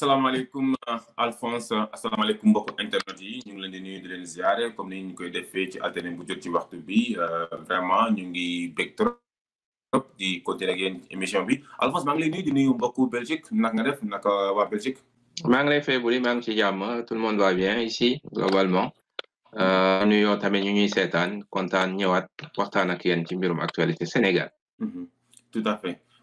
asalaamaaleykum Alphonse asalaamaaleykum mbokku internet yi ñu ngi leen di nuyu di leen ziaré comme ni ñu koy defee ci alternance bu jot ci waxtu bi euh, vraiment ñu ngi bég trop di continuer ak yéen émission bi Alphonse ma ngi lay nuyu di nuyu mbokku Belgique nak nga def nak wa Belgique. ma ngi lay fay Boury maa ngi ci jàmm tout le monde va bien ici globalement. Euh, nuyoo tamit ñu ñuy seetaan kontaan ñëwaat waxtaan ak yéen ci mbirum actualité Sénégal. Mm-hmm. tout à fait.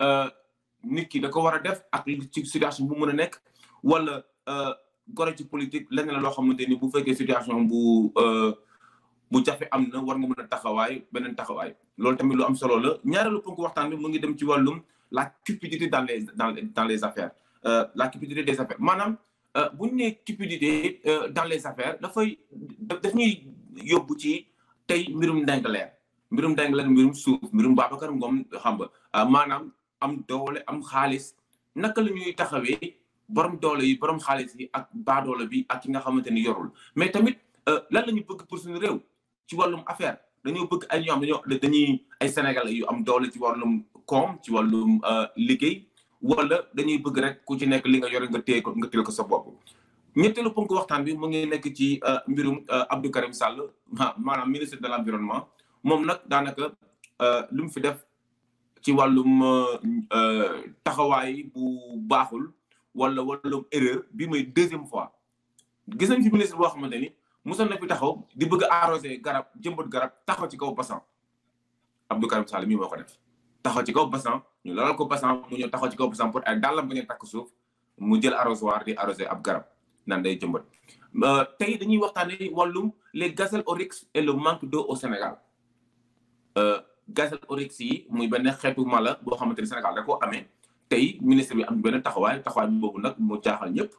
Euh, nit ki da ko war a def ak ci situation bu mën a nekk wala euh, gore ci politique leneen la loo xamante ni bu fekkee situation bu euh, bu jafe am na war nga mën a taxawaay beneen taxawaay loolu tamit lu am solo la ñaareelu ponk waxtaan bi mu ngi dem ci wàllum la cupidité dans les dans dans les affaires la cupidité des affaires maanaam bu ñu cupidité dans les affaires dafay def ñuy yóbbu ci tey mbirum Ndingler mbirum Ndingler mbirum suuf mbirum Babacar Ngom xam nga maanaam am doole am xaalis naka la ñuy taxawee borom doole yi borom xaalis yi ak baadoole bi ak ki nga xamante ni yorul mais tamit euh, lan la ñu bëgg pour suñu réew ci wàllum affaire dañoo bëgg ay ñoom dañoo dañuy ay Sénégalais yu am doole ci wàllum koom ci wàllum euh, liggéey wala dañuy bëgg rek ku ci nekk li nga yore nga téye ko nga téye ko sa bopp. ñetteelu ponk waxtaan bi mu ngi nekk ci euh, mbirum Abdou Karim Sall maanaam ministre de l' environnement moom nag daanaka lu mu fi def. ci wàllum euh, taxawaay bu baaxul wala wàllum erreur bi mooy deuxième fois gis nañ fi ministre boo xamante ni mosoon na fi taxaw di bëgg a arrosé garab jëmbat garab taxaw ci kaw basan Abdou Karim Sall mii moo ko def taxaw ci kaw basan ñu lalal ko basan mu ñëw taxaw ci kaw basan pour ay dàllam bañ a takk suuf mu jël arrosoir di arrosé ab garab naan day jëmbat euh, tey dañuy waxtaanee waxtaane wàllum les gazelles oryx et le manque d'eau au Sénégal euh, gazelle oryx yi muy benn xeetu mala boo xamante ni Sénégal da koo amee tey ministre bi am benn taxawaay taxawaay boobu nag mu jaaxal ñëpp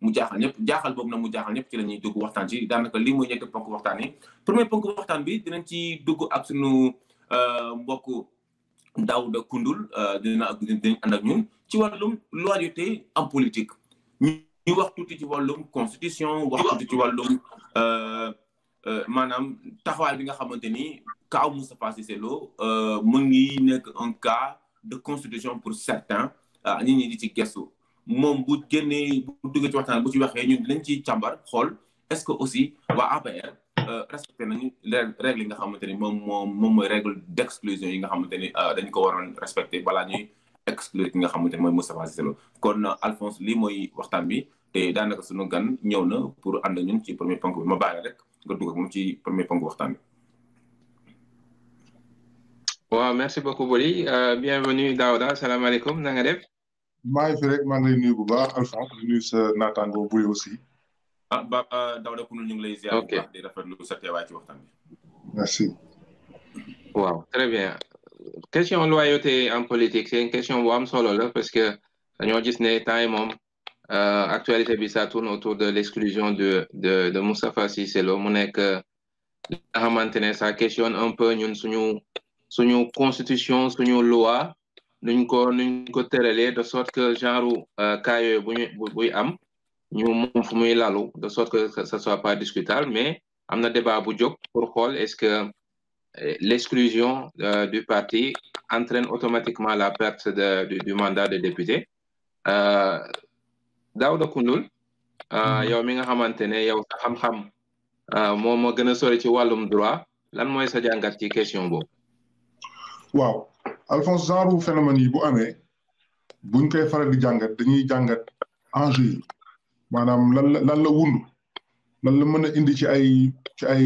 mu jaaxal ñëpp jaaxal boobu nag mu jaaxal ñépp ci la ñuy dugg waxtaan ci daanaka lii muy ñetti ponk waxtaan yi premier ponk waxtaan bi dinañ ci dugg ak suñu euh, mbokk Daouda Koundoul euh, dina dinañ ànd ak ñun ci wàllum loyauté en politique ñu wax tuuti ci wàllum constitution wax tuuti ci wàllum euh, Euh, manam taxawaay bi nga xamanteni ni Moustapha Cissé Lo euh, mu ngi nek un cas de constitution pour certains ah, nit ñi di ci gestu mom bu génnee bu duggee ci waxtan bu ci waxé ñun dinañ ci càmbar xol est-ce que aussi waa APR euh, respecté nañu règle yi nga xamanteni mom mom moom moom règle d'exclusion yi nga xamanteni ni dañ ko waron respecté balaa ñuy exclure ki nga xamanteni moy Moustapha Cissé Lo kon Alphonse li moy waxtan bi te daanaka suñu gan ñëw na pour and ñun ci premier ponk bi ma bàyyi rek nga dugg ak moom ci premier ponk waxtan bi. wa merci beaucoup Boli euh, bienvenue Daouda salaamaaleykum na nga def. maa fi rek maa ngi lay nuyu bu baax Alphonse di nuyu sa natango Bouye aussi. ah ba euh, Daouda Kounou ñu ngi lay ziar. ok di rafetlu sa teewaay ci waxtan bi. merci. waaw très bien question loyauté en politique c'est une question bu am solo la parce que dañoo gis ne temps yi moom. Euh, actualité ça tourne autour de l'exclusion de de de Moustapha le Lo euh, ça questionne un peu constitution loi nous de sorte que genre euh, de sorte que ça soit pas discutable mais on débat pour est-ce que euh, l'exclusion du parti entraîne automatiquement la perte du mandat de député. Daouda Koundoul ah, mm-hmm. yow mi nga xamante ne yow sa xam-xam moom ah, moo gën a sore ci wàllum droit lan mooy sa jàngat ci question boobu. waaw Alphonse genre phénomène yi bu amee buñ koy faral di jàngat dañuy jàngat enjeu yi maanaam lan la lan la wund lan la mën a indi ci ay ci ay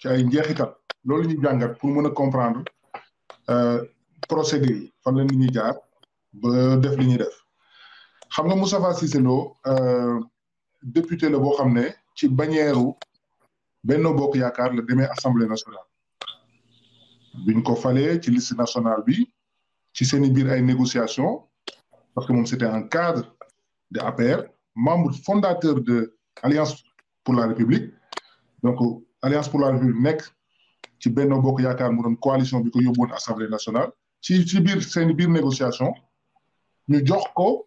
ci ay njeexital loolu ñuy jàngat pour mën a comprendre euh, procédé yi fan la ñuy jaar ba def li ñuy def. xam nga Moustapha euh, député le boo xam ne ci bañeeru Benno Bokk Yaakaar la demee assemblée nationale biñ ko falee ci liste nationale bi ci seen i biir ay négociations parce que moom c'était un cadre de APR membre fondateur de Alliance pour la République donc Alliance pour la République nekk ci Benno Bokk Yaakaar mu doon coalition bi ko yóbbuwoon assemblée nationale ci ci biir seen biir négociation ñu jox ko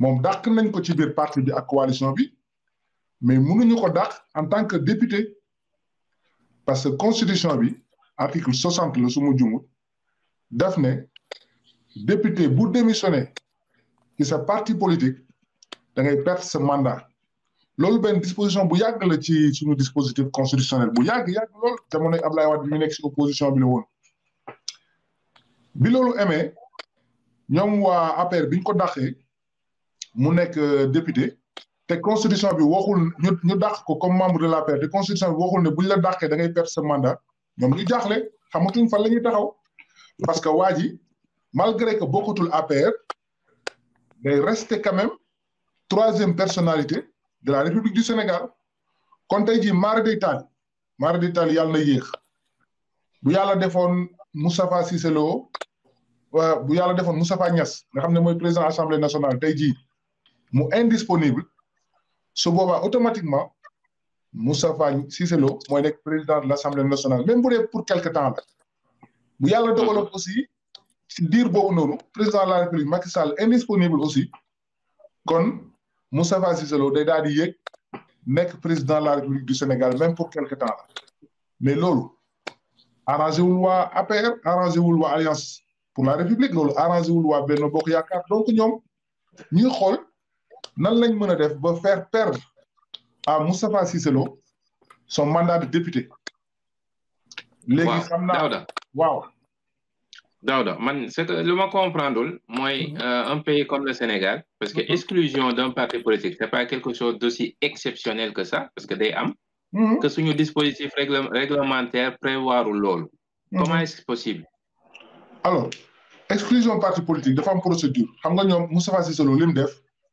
mom dàq nañ ko ci biir parti bi ak coalition bi mais mënuñu ko dàq en tant que député parce que constitution bi article 60 le sumu ma jumut daf ne député bu démissionné ci sa parti politique da ngay perdre ce mandat loolu benn disposition bu yàgg la ci suñu dispositif constitutionnel bu yàgg yàgg loolu jamonoy Ablaye à bi mu nekk si opposition bi la woon bi loolu amee ñoom waa APR bi ko mu nekk euh, député te constitution bi waxul ñu ñu ko comme membre de l'APR te constitution bi waxul ne buñ la dàqee da ngay perdre sa mandat ñoom ñu jaaxle xamatuñ fan la ñuy taxaw parce que waa malgré que bokkatul APR day resté quand même troisième personnalité de la République du Sénégal kon tey jii mardi day taal mara day taal yàlla na yéex bu yàlla defoon Moustapha Cissé Lo euh, bu yàlla defoon Moustapha Niass nga xam ne président assemblée nationale tey jii mu indisponible su boobaa automatiquement Moustapha Cissé Lo mooy nekk président de l'Assemblée nationale même bu pour quelque temps y bu yalla développement aussi dire diir boobu noonu président de la république Macky Sall indisponible aussi kon Moustapha Cissé Lo day daal di yéeg président de la république du Sénégal même pour quelque temps là mais lolu arrangé wul APR arrangé wul alliance pour la république lolu arrangé wul waa Benno Bokk Yaakaar donc ñom ñi xol nan lañ pas def ba faire perdre à Moustapha Cisselo son mandat de député. légui waaw. moi man c'est mhm. euh, un pays comme le Sénégal parce que mhm. exclusion d'un parti politique c'est pas quelque chose d'aussi exceptionnel que ça parce que day am. Mhm. que suñu dispositif réglementaire ou l'autre. comment est-ce possible. alors exclusion parti politique de am procédure xam nga Moustapha Cisselo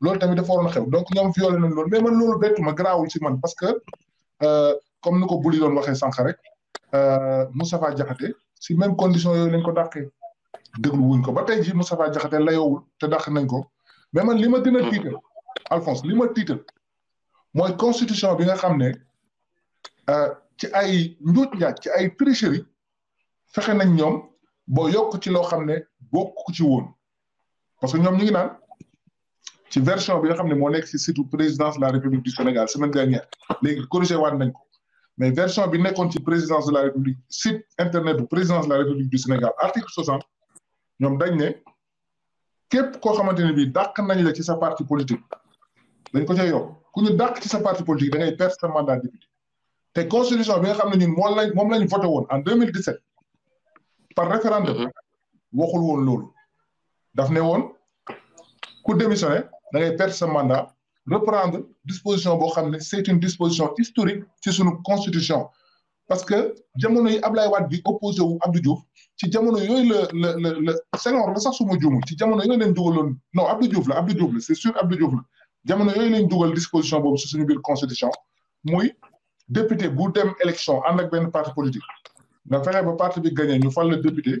loolu tamit dafa waroon a xew donc ñoom violé nañ loolu mais man loolu bettu ma garaawul ci man parce que euh, comme ni ko Bouly doon sànq rek euh, Moustapha Diakhaté ci même condition yooyu lañ ko dàqee déglu wuñ ko ba tey ji Moustapha Diakhaté layoowul te dàq nañ ko mais man li ma gën a tiital Alphonse li ma tiital mooy constitution bi nga xam ne euh, ci ay njuuj njaaj ci ay tricherie fexe nañ ñoom boo yokk ci loo xam ne bokk ci woon parce que ñoom ñu ngi naan ci version bi nga xam ne moo nekk ci site présidence de la république du Sénégal semaine dernière léegi corrigé waat nañ ko mais version bi nekkoon ci présidence de la république site internet bu présidence de la république du Sénégal article 60, ñoom dañ ne képp koo xamante ne bii dàq nañ la ci sa parti politique dañ ko cay yokk ku ñu dàq ci sa parti politique da ngay perdre sa mandat député te constitution bi nga xam ne ñun moom lañ moom lañ voté woon en 2017 par référendum mhm. waxul woon loolu daf ne woon ku démissionné da ngay perdre sa mandat reprendre disposition boo xam ne c'est une disposition historique ci sunu constitution parce que jamono yi Ablaye Wade di opposé wu Abdou Diouf ci jamono yooyu la la la la Senghor la sax su ma ci jamono yooyu leen dugaloon non Abdou Diouf la Abdou Diouf la c'est sûr Abdou Diouf la jamono yooyu leen dugal disposition boobu ci suñu biir constitution muy député bu dem élection ànd ak benn parti politique nga fexe ba parti bi gagné ñu fal la député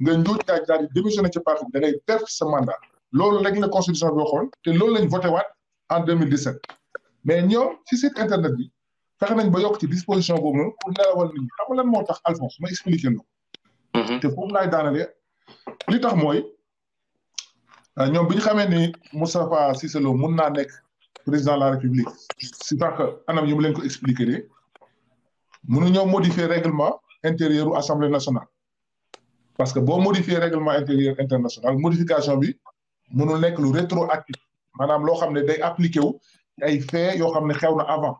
nga njuuj daaj daal di démissionné ci parti bi da ngay perdre sa mandat loolu rek la constitution bi waxoon te loolu lañ voté waat en 2017 mais ñoom si site internet bi fexe nañ ba yokk ci disposition boobu noonu pour nelawal nit ñi xam nga lan moo tax Alphonse ma expliqué la ko mm-hmm. te foofu laay daanalee li tax mooy euh, ñoom bi ñu xamee ni Moustapha que mun naa nekk président de la République si tax anam que mu leen ko expliqué Nous, mënu ñoo modifier règlement intérieur de Assemblée nationale parce que boo modifier règlement intérieur international modification bi mënul nekk lu rétroactif maanaam loo xam ne day appliqué wu ay fait yoo xam ne xew avant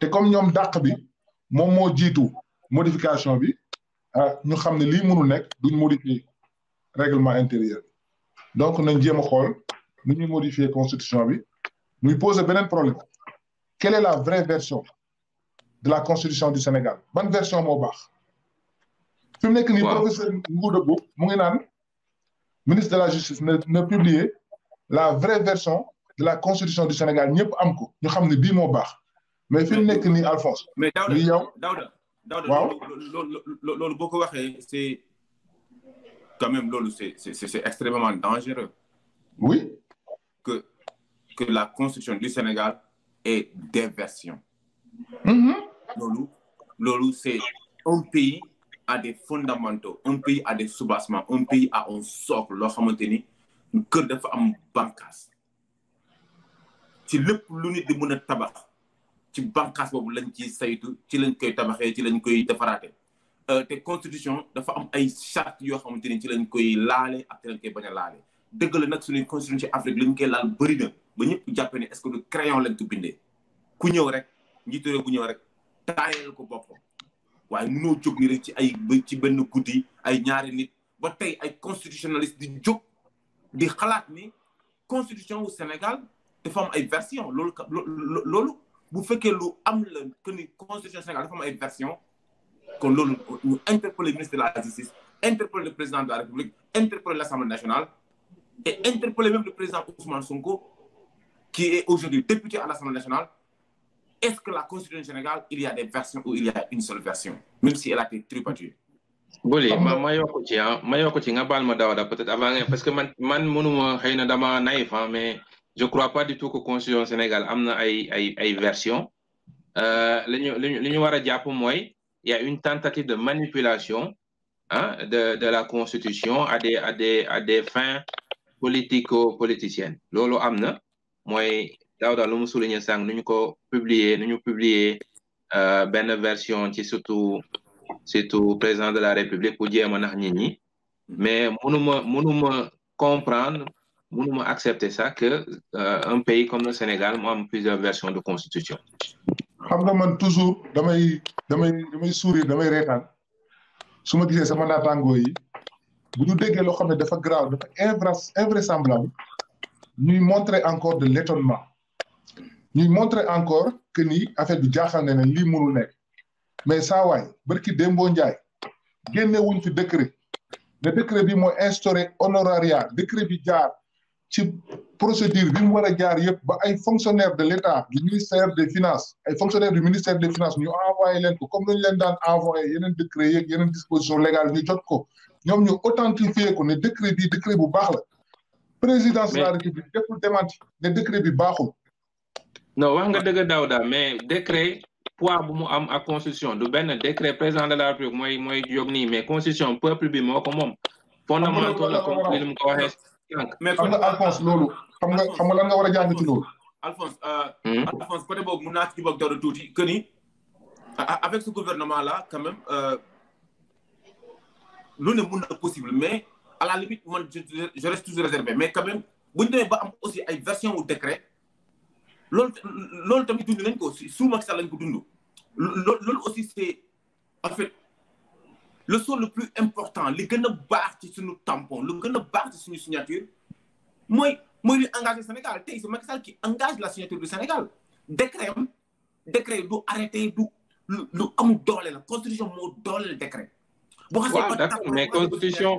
te comme ñoom dàq bi moom moo jiitu modification bi ah, ñu xam ne lii mënul nekk duñ modifier règlement intérieur donc nañ jéem a xool nu ñuy modifier constitution bi muy poser beneen problème quelle est la vraie version de la constitution du Sénégal ban version moo baax. fi mu nekk nii professeur Ngouda Mboup mu ngi naan ministre de la justice ne publier la vraie version de la constitution du Sénégal Nous mais mais extrêmement dangereux. oui. que que la constitution du Sénégal est des versions. Mm-hmm. lolo un pays a des fondamentaux un pays a des soubassements un pays a un socle loo xamante ni kër dafa am bànqaas ci lépp lu nit di mën a tabax ci bànqaas bobu lañ ci saytu ci lañ koy tabaxé ci lañ koy euh té constitution dafa am ay charte yo xamanteni ci lañ koy laale ak ci lañ koy bañ a laale dëgg la nag suñuy constitution ci Afrique luñ koy laal bëri na ba ñëpp jappé ne est-ce que du crayon lañ ko bindé ku ñëw rek njiitu réew bu ñëw rek taayal ko boppam waaye nous jóg ni rek ci ay ci benn guddi ay ñaari nit ba tey ay constitutionnaliste di jóg di xalaat ni constitution au Sénégal dafa am ay version loolu loolu bu fekkee lu am la que ni constitution Sénégal dafa am ay version Nous loolu ñu ministre de la justice nous le président de la République interpeller l'Assemblée nationale et interpeller même le président Ousmane Sonko qui est aujourd'hui député à l'Assemblée nationale est-ce que la Constitution Sénégal, il y a des versions ou il y a une seule version, même si elle a été tripatouée Bolé, ma peut-être parce que man dama ah, mais je crois pas du tout que la constitution Sénégal a une version. Euh liñu liñu wara il y a une tentative de manipulation ah, de, la constitution à des à des à des fins politico-politiciennes. Lolo amna moy Daouda lu mu souligné sànq avons publié ko publier nuñu publier euh, benn version ci surtout surtout président de la république bu jéem a nax nit ñi mm-hmm. mais mënuma mënuma comprendre mënuma accepter ça que euh, un pays comme le Sénégal mo am plusieurs versions de constitution. xam nga man toujours damay damay damay sourire damay reetaan suma ma gisee sama naataangoo yi bu ñu déggee loo xam ne dafa grave dafa invra invraisemblable ñuy montrer encore de l'étonnement ñuy montrons encore que ni affaire bi jaaxal na ne lii mënul nekk mais saa waay barki Dembo Ndiaye génne wuñ fi décret Le décret bi mooy instauré honoraria décret bi jaar ci procédure bi mu war a jaar yëpp ba ay fonctionnaires de l'État, du ministère des finances ay fonctionnaire du ministère des finances ñu envoyé leen ko comme ni ñu leen daan envoyé yeneen décret yeeg yeneen disposition légale ñu jot ko ñoom ñu authentifié ko ne décret bi décret bu baax la présidence de la république deful démenti ne décret bi baaxul non wax nga dëgg Daouda mais décret poids bu mu am ak constitution du ben décret président de la République moy moy jóg nii mais constitution peuple bi moo ko moom. fondamental la comme li mu ko waxe mais xam Alphonse lolu xam nga xam nga lan nga wara jang ci lolu Alphonse. Euh, hmm? Alphonse côté boobu mun naa ci bokk dara tuuti que ni avec ce gouvernement là quand même euh, lu ne mun na possible mais à la limite man je reste toujours réservé mais quand même buñ ñu ba am aussi ay version wu décret loolu loolu tamit dund nañ ko sous Macky Sall lañ ko dund loolu aussi c'est en fait le son le plus important li gën a baax ci suñu tampon lu gën a baax ci suñu signature mooy mooy li engagé Sénégal tey c'est Macky Sall qui engage la signature du Sénégal décret décret du arrêté du lu amul doole la constitution moo dooleel décret. boo xasee mais constitution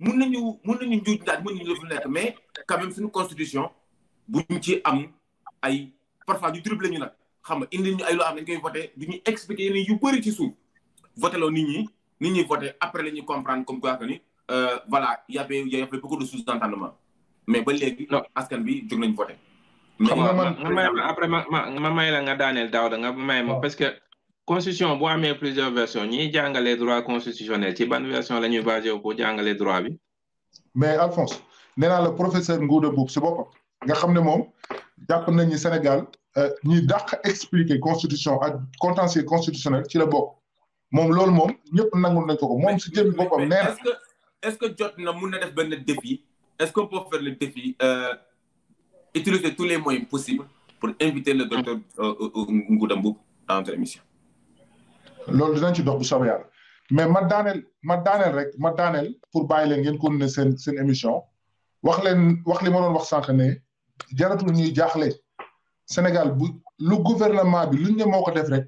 mun nañu mun nañu njuuj daal mun nañu def lu nekk mais quand même suñu bu ñu ci am ay parfois ñu dribble ñu nag xam nga indi ñu ay loo xam dañ koy voté du ñu expliqué yeneen yu bëri ci suuf voté loo ni ñi ni ñi voté après la ñuy comprendre comme quoi que ni euh, voilà y avait y avait beaucoup de sous mais ba léegi askan bi jóg nañ voté. xam nga man ma ma la nga daaneel daaw da nga may ma parce que. constitution bo amé plusieurs versions ñiy jàngale droit constitutionnel ci ban version la ñuy basé ko pour droits. droit bi. mais Alphonse néna le professeur ngoude Mboup ci a nga xamné mom le nañ ni Sénégal euh, ñi dàq expliquer constitution ak contentieux constitutionnel ci la bokk mom lool mom ñëpp nangul nañ ko ko moom si jëm boppam nee est-ce que est-ce que jot na mu na def défi est-ce qu'on peut faire le défi euh, utiliser tous les moyens possibles pour inviter le docteur euh, Ngouda Mboup dans notre émission loolu dinañ ci dox bu soobee yàlla mais ma daaneel ma daaneel rek ma daaneel pour bàyyi leen ngeen continuer seen seen émission wax leen wax li ma doon wax sànq ne jaratul ñuy jaaxle Sénégal bu lu gouvernement bi luñ ne moo ko def rek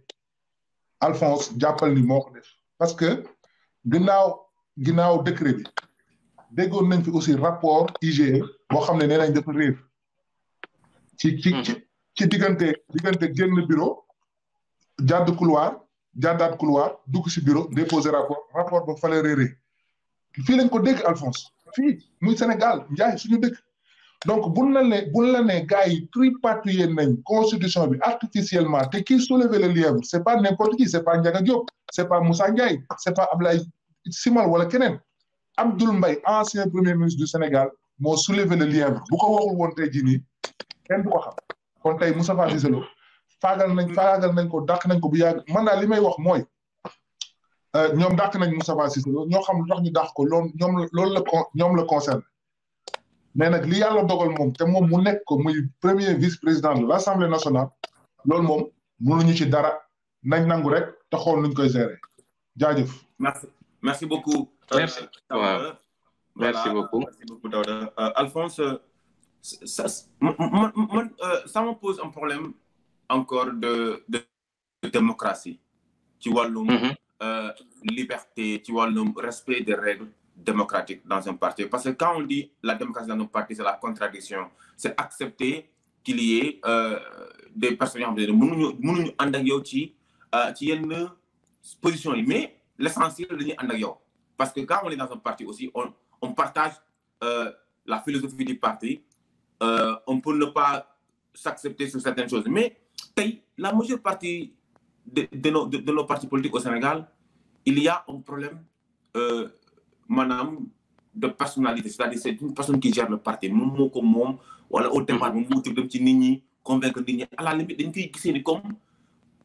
Alphonse jàppal ni moo ko def parce que ginnaaw ginnaaw décret bi déggoon nañ fi aussi rapport IGE boo xam ne nee nañ dafa réer ci ci ci hmm. diggante diggante génn bureau jàdd couloir jàndaat couloir dugg si bureau déposé rapport rapport ba fallait réeré fii lañ ko dégg Alphonse fii muy Sénégal njaay suñu dëkk donc buñ la ne buñ la ne gars yi tripatouillé nañ constitution bi artificiellement te qui soulever le lièvre c' est pas n'importe qui c' est pas Ndiaga Diop c' est pas Moussa Ndiaye c' est pas Ablaye Simal wala keneen Abdoul Mbaye ancien premier ministre du Sénégal moo soulever le lièvre bu ko waxul woon tey jii nii kenn du ko xam kon tey Moustapha Cissé faagal nañ faagal nañ ko dàq nañ ko bu yàgg man daal li may wax mooy euh, ñoom dàq nañ Moustapha Cissé ñoo xam lu tax ñu dàq ko loolu ñoom loolu la ñoom la concerne mais nag li yàlla dogal moom te moom mu nekk ko muy premier vice président de l' assemblée nationale loolu moom mënuñu ci dara nañ nangu rek te xool nuñ koy gérer jaajëf. merci merci beaucoup. Euh, merci waaw merci beaucoup. merci beaucoup Daouda euh, Alphonse ça man ça me pose un problème encore de de démocratie ci mhm. euh, liberté Tu vois le respect des règles démocratiques dans un parti parce que quand on dit la démocratie dans un parti c'est la contradiction c'est accepter qu'il y ait euh, des personnes qui ont ne mënuñu qui euh, position mais l'essentiel est d'être parce que quand on est dans un parti aussi on partage euh, la philosophie du parti on peut ne pas s'accepter sur certaines choses mais la majeure partie de de nos de nos partis politiques au Sénégal il y a un problème euh, madame, de personnalité c'est-à-dire c'est une personne qui gère le parti moom comme ko ou wala au départ de moo jóg ci convaincre nit à la limite comme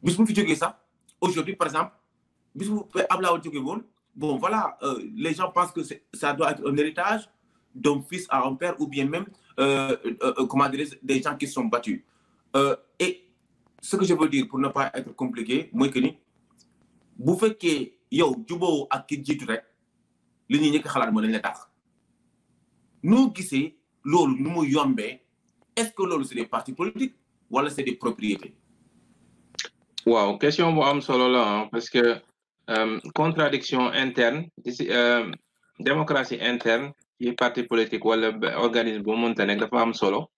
bis fi ça aujourd'hui par exemple je mu Abdoulaye Wade jógee bon voilà euh, les gens pensent que ça doit être un héritage d'un fils à un père ou bien même euh, comment dire, des gens qui sont battus et ce que je veux dire pour ne pas être compliqué moi que ni vous fekkee yow juboo ak ki un rek li ñuy ñëkk xalaat mooy lañ la Nous, qui sommes, est-ce que nous c'est des partis politiques ou c'est des propriétés Wow, question pour am solo hein, parce que euh, contradiction interne euh, démocratie interne les parti politique ou organisme bu mënta nekk dafa am solo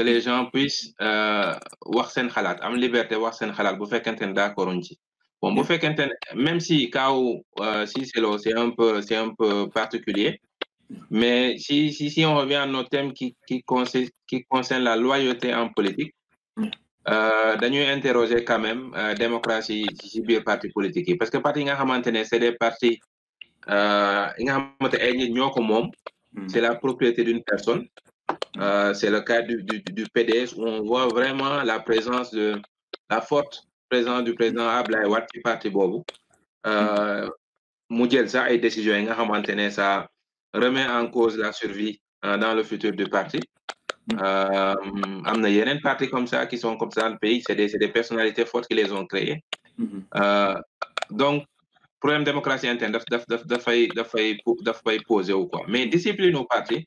que les gens puissent euh, wax sen khalat am liberté wax sen khalat bu fekkente ne d'accord ci bon bu fekkente même si kaw euh, si c'est Lo c'est un peu c'est un peu particulier mais si si si on revient à nos thèmes qui qui concerne qui concerne la loyauté en politique mm. euh, dañuy interroger quand même démocratie ci biir parti politique parce que parti nga xamantene c'est des partis euh nga xamante ay nit ñoo mm. c'est la propriété d'une personne euh, c'est le cas du, PDS où on voit vraiment la présence de la forte présence du président Ablaye qui parti boobu euh, mu jël décision décisions ça remet en cause la survie euh, dans le futur du parti il a rien de parti comme ça qui sont comme ça dans le pays c'est des personnalités fortes qui les ont créées mm-hmm. euh, donc problème démocratie interne Il daf daf ou quoi mais discipline au parti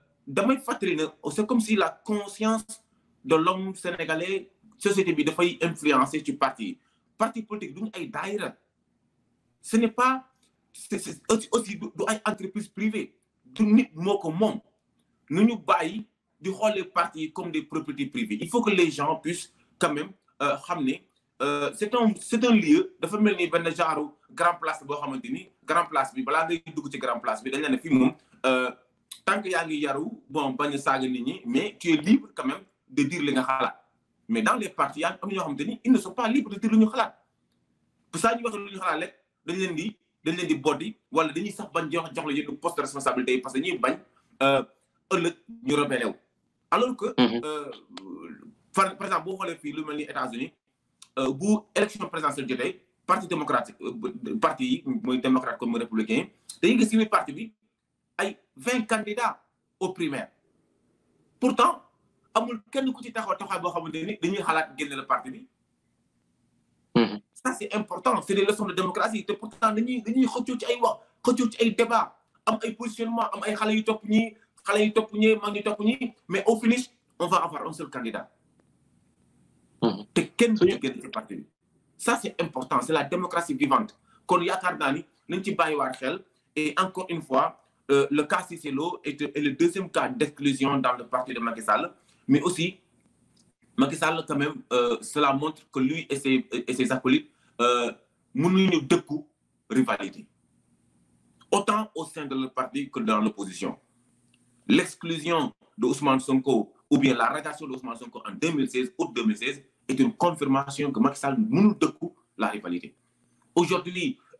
dans mes c'est comme si la conscience de l'homme sénégalais société bi dafay influencer le parti parti politique duñu ay ce n'est pas c'est aussi du ay entreprise privée Tout nous nous les partis comme des propriétés privées il faut que les gens puissent quand même ramener... Euh, euh, c'est un c'est un lieu de grand place boo xamante grand place bi ngay dugg grand place bi tant que yaa ngi yaru bon bañ a saaga nit ñi mais tu es libre quand même de dire li nga mais dans les partis yaa am ñoo xamante ils ne sont pas libres de dire lu ñu pour ça ñu wax lu ñu xalaat rek dañ leen di dañ leen di boddi wala dañuy sax bañ jox jox la poste de responsabilité parce que ñuy bañ euh, ëllëg ñu rebelle alors que mhm. euh, par exemple boo xoolee fii lu mel États-Unis pour euh, élection présidentielle parti démocratique parti démocrate comme républicain dañuy gis ci biir parti bi ay vingt candidats au primaire. pourtant amul kenn ku ci taxaw taxawaay boo xamante ni dañuy xalaat génne la parti bi. Mhm. ça c'est important c'est est des leçons de démocratie te pourtant dañuy dañuy xëccoo ci ay wax xëccoo ci ay débat am ay positionnement am ay xale yu topp ñii xale yu topp ñii mag yu topp ñii mais au finish on va avoir un seul candidat. Mhm. te kenn du génn parti ça c'est important c'est la démocratie vivante kon yaakaar naa ni nañ ci bàyyiwaat xel et encore une fois. Euh, le cas Cicelo est, le deuxième cas d'exclusion dans le parti de Macky Sall. Mais aussi, Macky Sall, quand même, euh, cela montre que lui et ses, et acolytes euh, nous deux coups rivalité. Autant au sein de leur parti que dans l'opposition. L'exclusion de Ousmane Sonko ou bien la radiation de Sonko en 2016, ou 2016, est une confirmation que Macky Sall nous deux la rivalité. Aujourd'hui,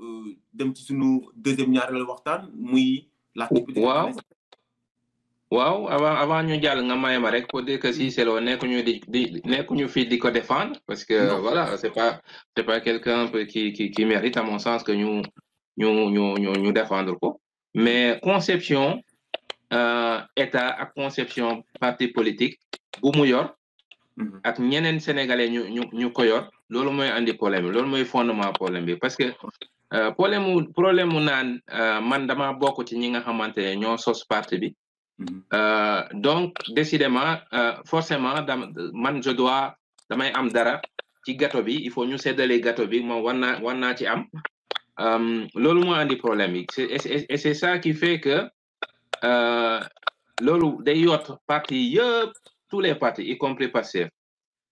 Euh, dem ci sunu deuxième la waxtaan muy. la waaw waaw avant avant ñu jàll nga mayama rek pour dire que si Celo nekkuñu di di nekkuñu di ko défendre parce que voilà c'est pas c'est pas quelqu'un qui qui qui mérite à mon sens que ñu ñu ñu ñu ñu défendre ko mais conception euh, état ak conception parti politique bu mu yor. Mhm. ak ñeneen sénégalais ñu ñu ñu ko yor. loolu mooy andi problème bi loolu mooy fondement problème bi parce que euh, problème problème nan euh, man dama beaucoup ci ñi nga sos parti mhm. euh, donc décidément forcément man je dois damay am dara il faut ñu sédalé gâteau bi mo war ci am andi problème et c'est ça qui fait que lolu day yott parti tous les partis y compris ça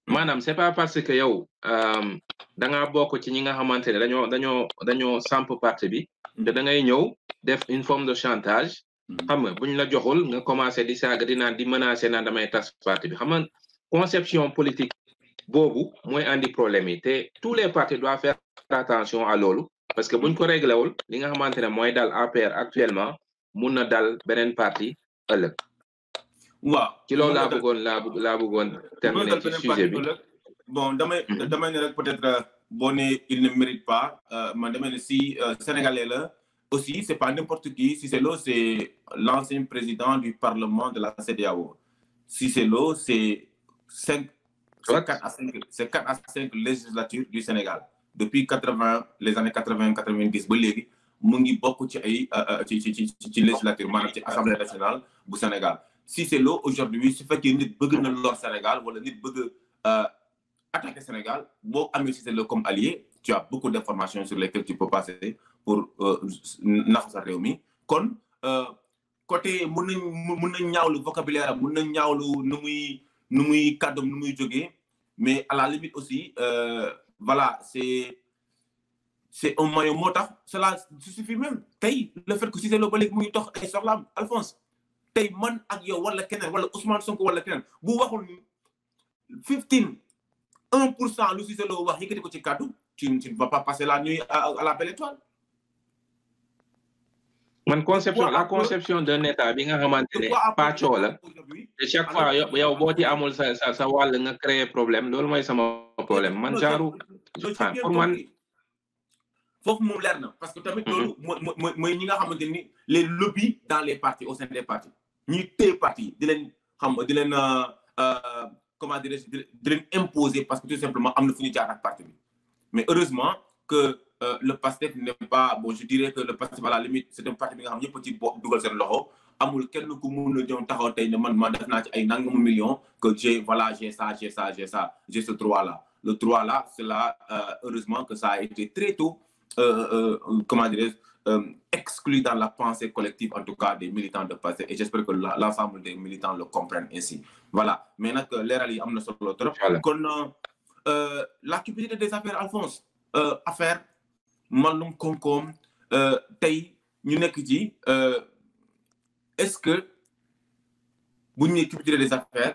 manam c'est pas parce que yow euh, da nga bok ci ñi nga xamantene ne dañoo dañoo dañoo samp parti bi te da ngay ñëw def une forme de chantage mm-hmm. xam nga buñ la joxul nga commencer di sag di naan di menacer naan damay tas parti bi xam nga conception politique bobu moy andi problème yi te tous les partis doivent faire attention à lolu parce que buñ ko régler wul li nga xamantene moy dal APR actuellement mun na dal benen parti ëlëk Ouais. le Bon, demain mhm. peut-être euh, bon, il ne mérite pas. Euh, Mais demain si euh, sénégalais là aussi n'est pas n'importe qui si c'est l'ancien président du parlement de la CDAO. Si c'est là c'est c'est 4 à 5 législatures du Sénégal. Depuis les années 80-90, il y a beaucoup de législatures, l'Assemblée nationale du Sénégal. Si c'est l'eau, aujourd'hui ce su fekkee nit bëgg na lor Sénégal ou wala nit bëgg euh, attaquer Sénégal boo amee le l'eau, comme allié tu as beaucoup d'informations sur lesquelles tu peux passer pour euh, naxu sa réew mi euh, côté mun nañ le vocabulaire am mun le ñaawlu nu muy nu mais à la limite aussi voilà c'est un moyen motard, cela suffit même le fait que si c'est l'eau, léegi mu ngi dox ay Alphonse tey man ak yow wala keneen wala Ousmane Sonko wala keneen bu waxul 15 1 lu Cissé Lo wax yëkkati ko ci kàddu tu pas passer la nuit à, à la belle étoile. man conception la conception d'un état bi nga xamante ne pàccoo la chaque fois yow boo ci amul sa sa sa nga créer problème sama problème man jaaru pour man foofu moom leer parce que tamit mhm. loolu mooy mooy ñi nga les lobbies dans les partis au sein des partis nous, tes parti di les xam di euh, euh, imposer parce que tout simplement nous ne finit pas jaar parti mais heureusement que euh, le PASTEF n'est pas bon je dirais que le PASTEF à la limite c'est un parti qui nga xam à ci bo dugal loxo amul kenn a un taxaw tey ne man def million millions que j'ai voilà j'ai ça j'ai ça j'ai ça j'ai ce droit là le droit là c'est là heureusement que ça a été très tôt euh, euh, euh, comment exclus dans la pensée collective, en tout cas des militants de passé. Et j'espère que l'ensemble des militants le comprennent ainsi. Voilà. Maintenant que l'air amna solo la des affaires Alphonse, euh affaire tay est-ce que bon des affaires,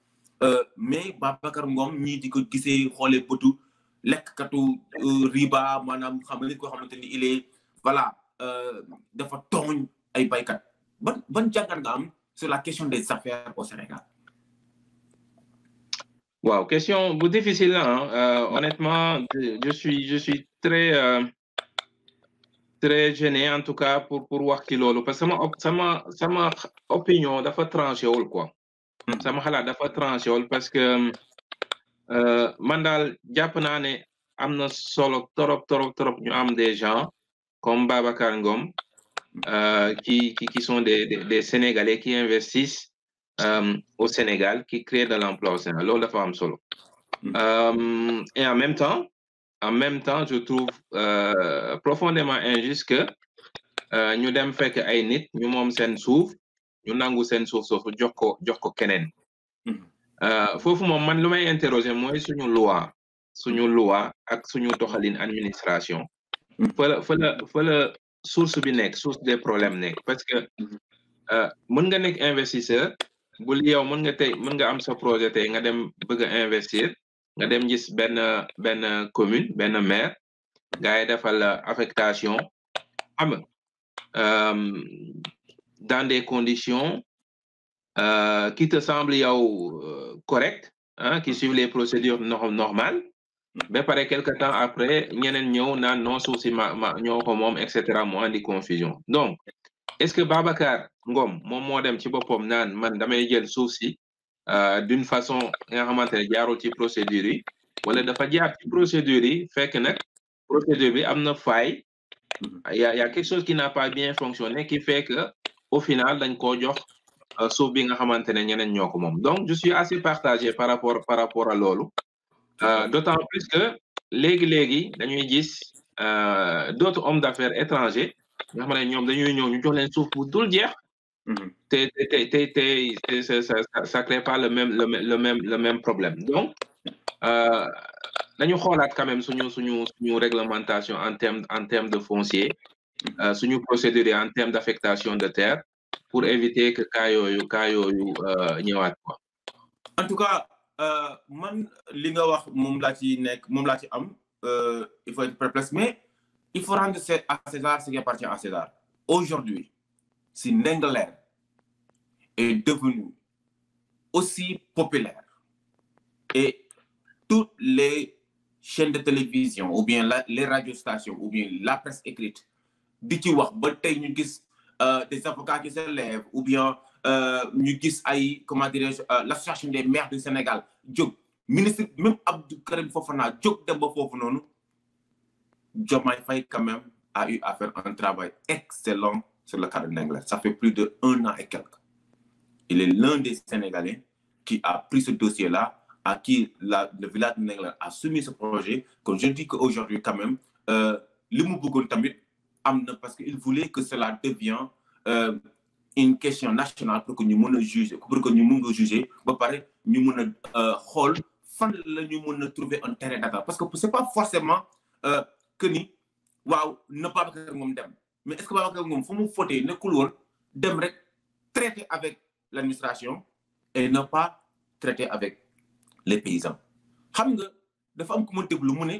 Euh, mais Babacar Ngom ñii di ko xolé xoolee lek lekkatu euh, riba manam xam nga nit koo ni il est voilà euh, dafa togn ay baykat ban ban jangar nga am sur la question des affaires au Sénégal. Wow, question difficile hein? euh, honnêtement, je suis je suis très euh, très gêné en tout cas pour pour voir qui lolo parce que m'a, ma, m'a, opinion dafa tranché wul quoi. Mm, sama xalaat dafa tranché parce que mm, euh, man daal des gens comme Baba Ngom euh, qui qui qui sont des des Sénégalais qui investissent euh, au Sénégal qui créent de l'emploi au Sénégal mm. et en même temps en même temps je trouve profondément injuste que ñu dem fekk ay nit ñu ñu nangu seen suuf soosu jox ko jox ko keneen hmm. euh, foofu moom man lu may interroger mooy suñu loi suñu loi ak suñu doxalin administration hmm. fala fala fala source bi nekk source des problèmes nekk parce que hmm. euh, mën nga nekk investisseur bu li yow mën nga tey mën nga am sa projet tey nga dem bëgg a investir nga dem gis benn benn commune benn maire gars yi defal affectation am dans des conditions euh, qui te semblent euh, correctes, hein, qui suivent les procédures normales. Mais ben, par quelques temps après, ils a un non souci, ma donc est-ce que Babacar Ngom moom moo dem ci boppam Nan, man y a des soucis, d'une façon qui est ne jaarul ci procédure Voilà, wala dafa jaar ci procédure yi procédures procédure bi faille mm-hmm. y a quelque chose qui n'a pas bien fonctionné qui fait que au final dañ ko jox euh, suuf bi nga xamantene ñeneen ñoko mom donc je suis assez partagé par rapport par rapport à lolu euh d'autant plus que légui légui dañuy gis euh d'autres hommes d'affaires étrangers nga xamantene ñom dañuy ñëw ñu jox leen suuf bu dul jeex. Mm-hmm. te té té té te ça ça crée pas le même le même le même le même problème donc euh dañu xoolaat quand même suñu suñu suñu réglementation en terme en terme de foncier nous euh, procédure en termes d'affectation de terre pour éviter que kayo ou kayo yooyu euh, ñëwaat quoi. en tout cas euh, man li nga wax mom la ci nek am il faut être perplexe mais il faut rendre à César ce qui appartient à César. aujourd'hui si Nengler est devenu aussi populaire et toutes les chaînes de télévision ou bien les radiostations ou bien la presse écrite di ci wax ba tey euh, des avocats qui se lèvent ou bien euh, ñu gis ay comment dirais-je euh, l'association des maires du Sénégal ministre même Abdou Karim Fofana jóg dem ba fofu quand même a eu à faire un travail excellent sur le cadre d'anglais. Ça fait plus de un an et quelques. Il est l'un des Sénégalais qui a pris ce dossier-là, à qui la, le village de Nengler a soumis ce projet. Comme je dis qu'aujourd'hui, quand même, euh, le Mouboukon Tamit, parce que il voulait que cela devienne euh, une question nationale pour que nous puissions juger pour que nous puissions juger ba pare ñu euh, fan la ñu trouver un terrain d'avance. parce que c'est pas forcément euh, que ni waaw pas Babacar mom dem mais est-ce que Babacar mom fu mu fotee nekkul woon dem rek traiter avec l'administration et ne pas traiter avec les paysans xam nga dafa am ku ma déglu mu ne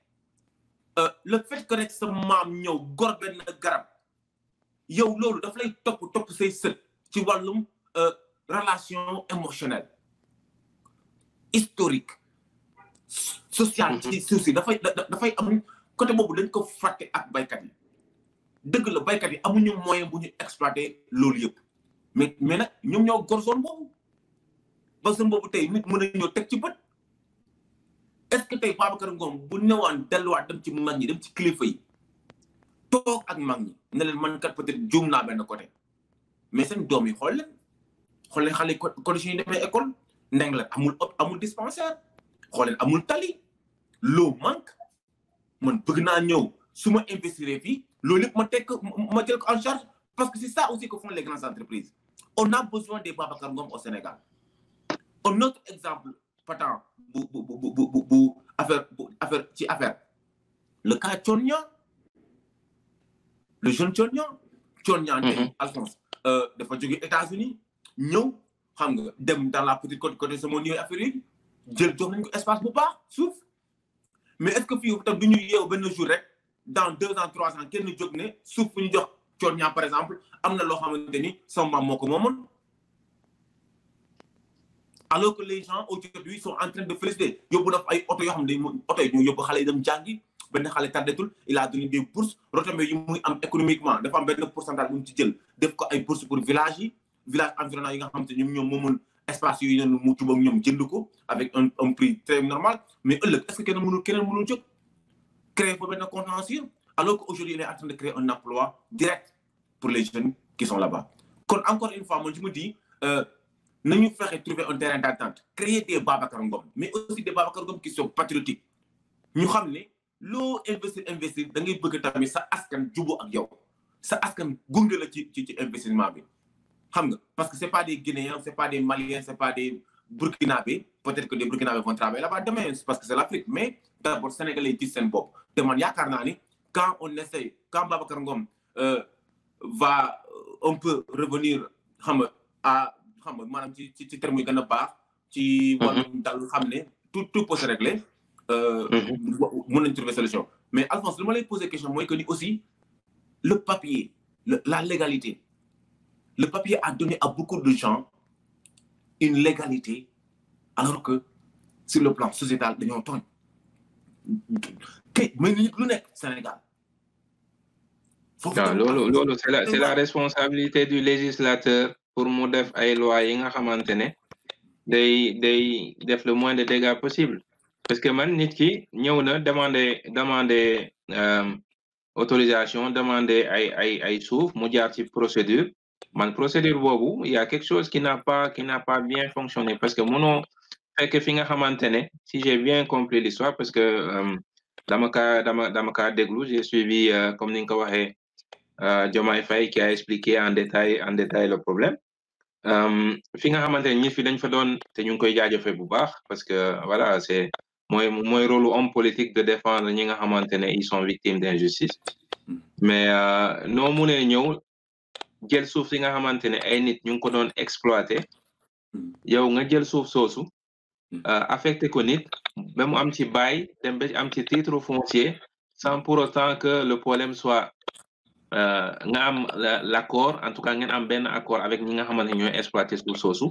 Euh, le fait que rek sa maam ñëw gor benn garab yow loolu daf lay topp topp say sët ci wàllum euh, relation émotionnelle historique social ci mhm. suuf si dafay dafay am côté boobu dañ ko fàtte ak baykat yi dëgg la baykat yi amuñu moyen bu ñu exploité loolu yëpp mais mais nag ñoom ñoo gor zone boobu ba zone boobu tey nit mën a ñëw teg ci bët est-ce que tey Babacar Ngom bu newaan delluwaat dem ci mag ñi dem ci kilifa yi toog ak mag ñi ne leen man kat peut-être juum naa benn côté mais seen doom yi xool leen xool leen xale conditions yi demee école ndeng la amul amul dispensaire xool leen amul tali loo manque man bëgg naa ñëw su ma investir fii loolu yëpp ma tekk ma jël ko en charge parce que c'est ça aussi que font les grandes entreprises on a besoin des Babacar Ngom au Sénégal un autre exemple patent le cas le jeune Thione mm-hmm. Alphonse euh, de États-Unis nous, dans la petite côte de ce monde affaire un espace bu pas mais est-ce que octobre jour dans deux ans trois ans kenn jóg ne ñu jox par exemple am de nous de alors que les gens aujourd'hui sont en train de féliciter yóbbu na fa ay oto yoo xam ne oto yi ñoo yóbbu xale yi dem jàngi benn xale tardetul il a donné des bourses retombées yu muy am économiquement dafa am benn pourcentage bu mu ci jël def ko ay bourses pour village yi village environnant yi nga xam ñom ñom momul espace yu ñu mu jubóog ñom jënd ko avec un un prix très normal mais ëllëg est ce que kenn mënul keneen mënul jóg créer fa benn contentieux alors que aujourd'hui il est en train de créer un emploi direct pour les jeunes qui sont là-bas kon encore une fois ci mu me euh nous faire trouver un terrain d'attente, créer des Babacar mais aussi des Babacar qui sont patriotiques Nous savons que l'eau investir investir da ngay bëgg tamit sa askan juboo ak yow sa askan gunge la ci ci ci investissement bi xam nga parce que c'est pas des Guinéens c'est pas des Maliens c'est pas des Burkinabés peut-être que des Burkinabés vont travailler là-bas demain parce que c'est l'Afrique mais d'abord Sénégalais yi gis seen demain te man quand on essaie quand Babacar Ngom euh, va on euh, peut revenir à xam nga maanaam ci ci terme yi gën a baax. ci wàllum mhm. dal xam tout tout peut se régler. Euh, mhm. mën nañ trouver solution. mais Alphonse lu ma lay poser question mooy que ni aussi le papier la légalité le papier a donné à beaucoup de gens une légalité alors que sur le plan sociétal dañoo tooñ. que mais lu nekk Sénégal. foofu c'est la c'est la responsabilité du législateur pour mu def ay lois yi nga xamantene day day le moins de dégâts possible parce que man nit ki ñëw na demander demander euh, autorisation demander ay ay ay souf mu jaar ci procédure man procédure il y a quelque chose qui n'a pas qui n'a pas bien fonctionné parce que mënoo fekk fi nga à si j'ai bien compris l'histoire parce que euh, dama mon dama dama kaa déglu j'ai suivi euh, comme ni nga ko Diomaye euh, Faye qui a expliqué en détail en détail le problème euh, fi nga xamante ne ñi fi dañ fa doon te ñu ngi koy jaajëfee bu baax parce que voilà c'est mooy mooy rôle homme politique de défendre ñi nga xamante ils sont victimes d'injustice mais euh, nous, munee ñëw jël suuf si nga xamante ne ay nit ñu ngi ko doon exploiter yow nga jël suuf euh, affecté ko nit ba am ci bail un petit am ci titre foncier sans pour autant que le problème soit euh, nga am en tout cas ngeen un benn accord avec ñi nga xamante exploité ñooy exploiter sous soosu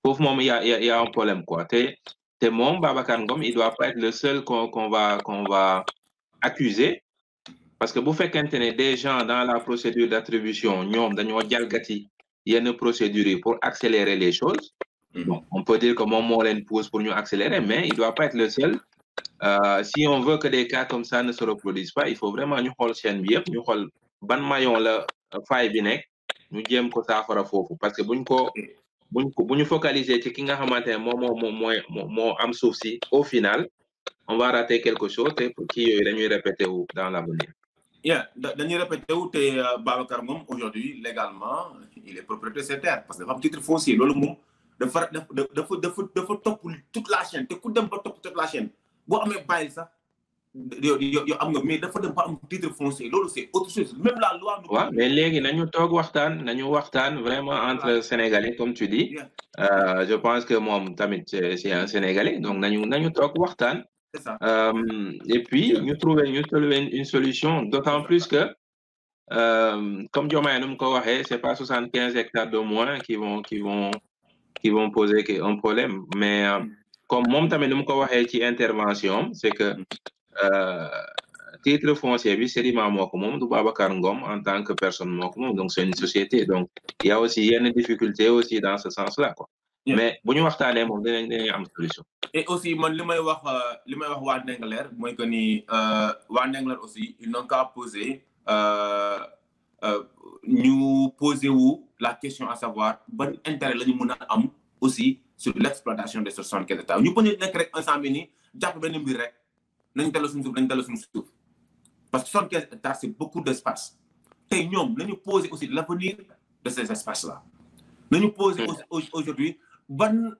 foofu moom y' a y' a un problème quoi te te moom Babacar il doit pas être le seul qu'on va qu'on va accuser parce que bu fekkente ne des gens dans la procédure d'attribution, il y a une procédure procédures pour accélérer les choses mm-hmm. on peut dire que moom est une pousse pour ñu accélérer mais il doit pas être le seul euh, si on veut que des cas comme ça ne se reproduisent pas il faut vraiment ñu xool chaîne bi yëpp ñu ban maillon la fay bi nek ñu jëm ko saafara fofu parce que buñ ko buñ ko bu focaliser ci ki nga xamantene mo mo mo mo am ci au final on va rater quelque chose te qui yoy dañuy répéter wu dans l'avenir. Yeah, dañuy répéter wu té euh, Babacar mom aujourd'hui légalement il est propriétaire de terre parce que dafa titre foncier lolu mom dafa dafa dafa dafa top toute la chaîne té ku dem ba top toute la chaîne bo amé bail sax mais mais dafa dem titre c'est autre chose même la loi. mais nañu vraiment entre sénégalais comme tu dis. Euh, je pense que moi tamit euh, c'est un sénégalais donc nous nañu toog c'est euh, et puis nous trouvons une solution d'autant plus que. comme je disais, ce ko c'est pas 75 hectares de moins qui vont qui vont qui vont poser un problème mais mm. comme moi tamit nous mu ko intervention c'est que mm. Euh, titre foncier bi c'est moo ko moom du Babacar Ngom en tant que personne moko donc c'est une société donc il y a aussi yenn difficulté aussi dans ce sens là quoi mais buñu ñu mom moom dinañ dinañ am solution et aussi man limay wax euh, li may wax waa Ndingler mooy que ni euh, waa Ndingler aussi ils n'ont qu'à poser ñu poser wu la question à savoir ben intérêt lañu mëna am aussi sur l'exploitation des soixante-quinze hectares ñu bañ a rek ensemble ni japp benn mbir rek parce que ça c'est beaucoup d'espace Et nous, nous posons aussi l'avenir de ces espaces là Nous posons aussi aujourd'hui un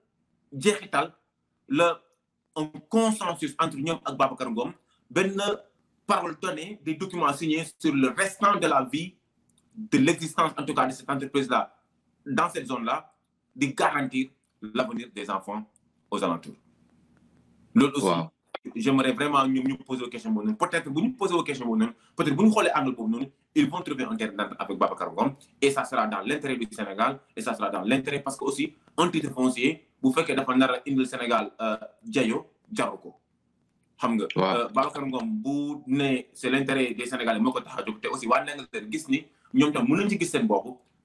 consensus entre nous et Babacar Ngom benn parole donnée des documents signés sur le restant de la vie de l'existence en tout cas de cette entreprise là dans cette zone là de garantir l'avenir des enfants aux alentours L'autre aussi j'aimerais vraiment nous ñu poser question questions peut-être bu nous poser question questions peut-être que nous xoolee angle boobu ils vont trouver un terrain avec Babacar Ngom et ça sera dans l'intérêt du Sénégal et ça sera dans l'intérêt parce que aussi un titre foncier bu que dafa le a du Sénégal euh, jayo jaru xam nga euh, Babacar c'est l'intérêt des Sénégalais mais je tax a aussi waa Angleterre gis ni nous tam mën nañu ci gis seen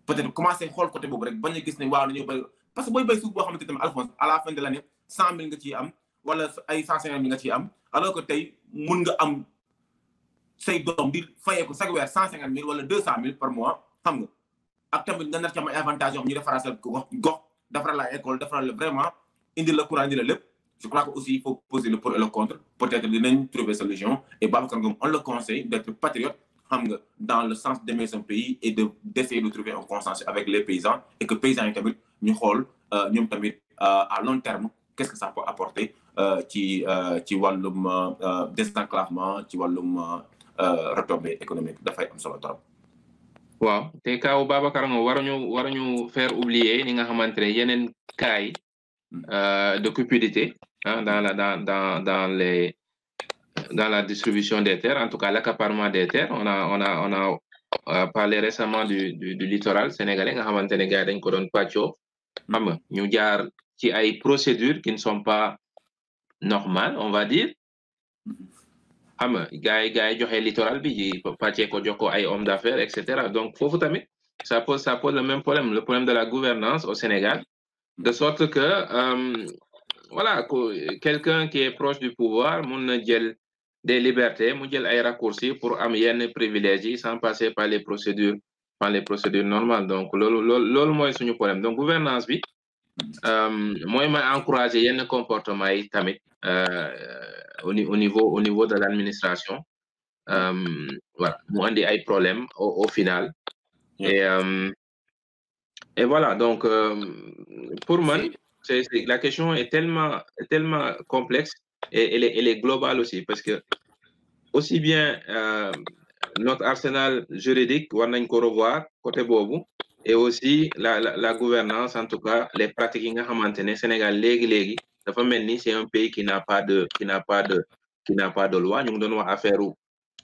peut-être commencer à côté boobu rek bañ a gis parce que avez bay suuf boo xamante Alphonse à la fin de l'année 100 000 nga wala ay 150 000, nga ci am alors que tey mun nga am say doom di fayee ko chaque weer cent wala deux par mois xam nga ak tamit nga nar ci am avantage yoo ñu defaral sa gox gox la école defaral le vraiment indi le courant indi le lepp je crois que aussi il faut poser le pour et le contre peut-être dinañ trouver solution et Babacar Ngom on le conseille d'être patriote xam nga dans le sens d'aimer son pays et de d'essayer de trouver un consensus avec les paysans et que paysans yi tamit ñu xol euh, ñom tamit euh, à long terme qu'est-ce que ça peut apporter euh, ci euh, ci wàllum qui euh, ci wàllum retombée économique dafay am solo trop. waaw te kaaw Babacar moom waruñu waruñu faire oublier ni nga xamante ne yeneen cas hmm. de cupidité hein, dans la dans dans dans les dans la distribution des terres en tout cas l'accaparement des terres on a on a on a parlé récemment du du du littoral sénégalais nga xamante ne gars dañ ko doon pàccoo hmm. xam nga ñu jaar qui a des procédures qui ne sont pas normales on va dire gars gars joxe littoral bi ko hommes d'affaires etc. Donc donc vous tamit ça pose ça pose le même problème le problème de la gouvernance au Sénégal de sorte que euh, voilà quelqu'un qui est proche du pouvoir mon des libertés mu a des raccourcis pour améliorer des privilèges sans passer par les procédures par les procédures normales donc le loolu problème donc gouvernance bi euh, moi ma encourager yenn comportement yi tamit euh, au niveau au niveau de l'administration euh, voilà mu andi ay problème au final et et voilà donc pour moi, la question est tellement tellement complexe et elle est globale aussi parce que aussi bien notre arsenal juridique on a une revoir côté bobu et aussi la, la, gouvernance, en tout cas, les pratiques qui au Sénégal, c'est un pays qui n'a pas de, qui n'a pas de, qui n'a pas de loi. Nous donnons affaire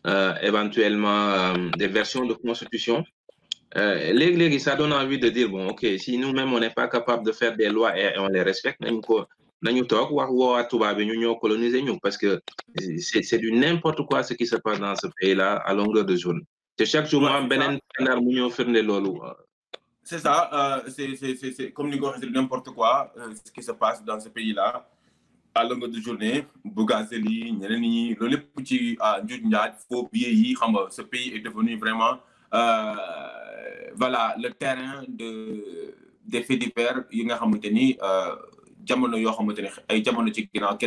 euh, éventuellement euh, des versions de constitution. Euh, ça donne envie de dire, bon, ok, si nous-mêmes, on n'est pas capable de faire des lois et, on les respecte, nous coloniser parce que c'est du n'importe quoi ce qui se passe dans ce pays-là à longueur de journée. chaque jour, on a lois. C'est ça, euh, c'est comme n'importe quoi euh, ce qui se passe dans ce pays-là. À longueur de journée, Bougazeli, Nyeleni, le petit Ndjoudjad, faux billets, ce pays est devenu vraiment euh, voilà, le terrain de, des faits divers. Il y a des gens yo xamanteni ay jamono ci dina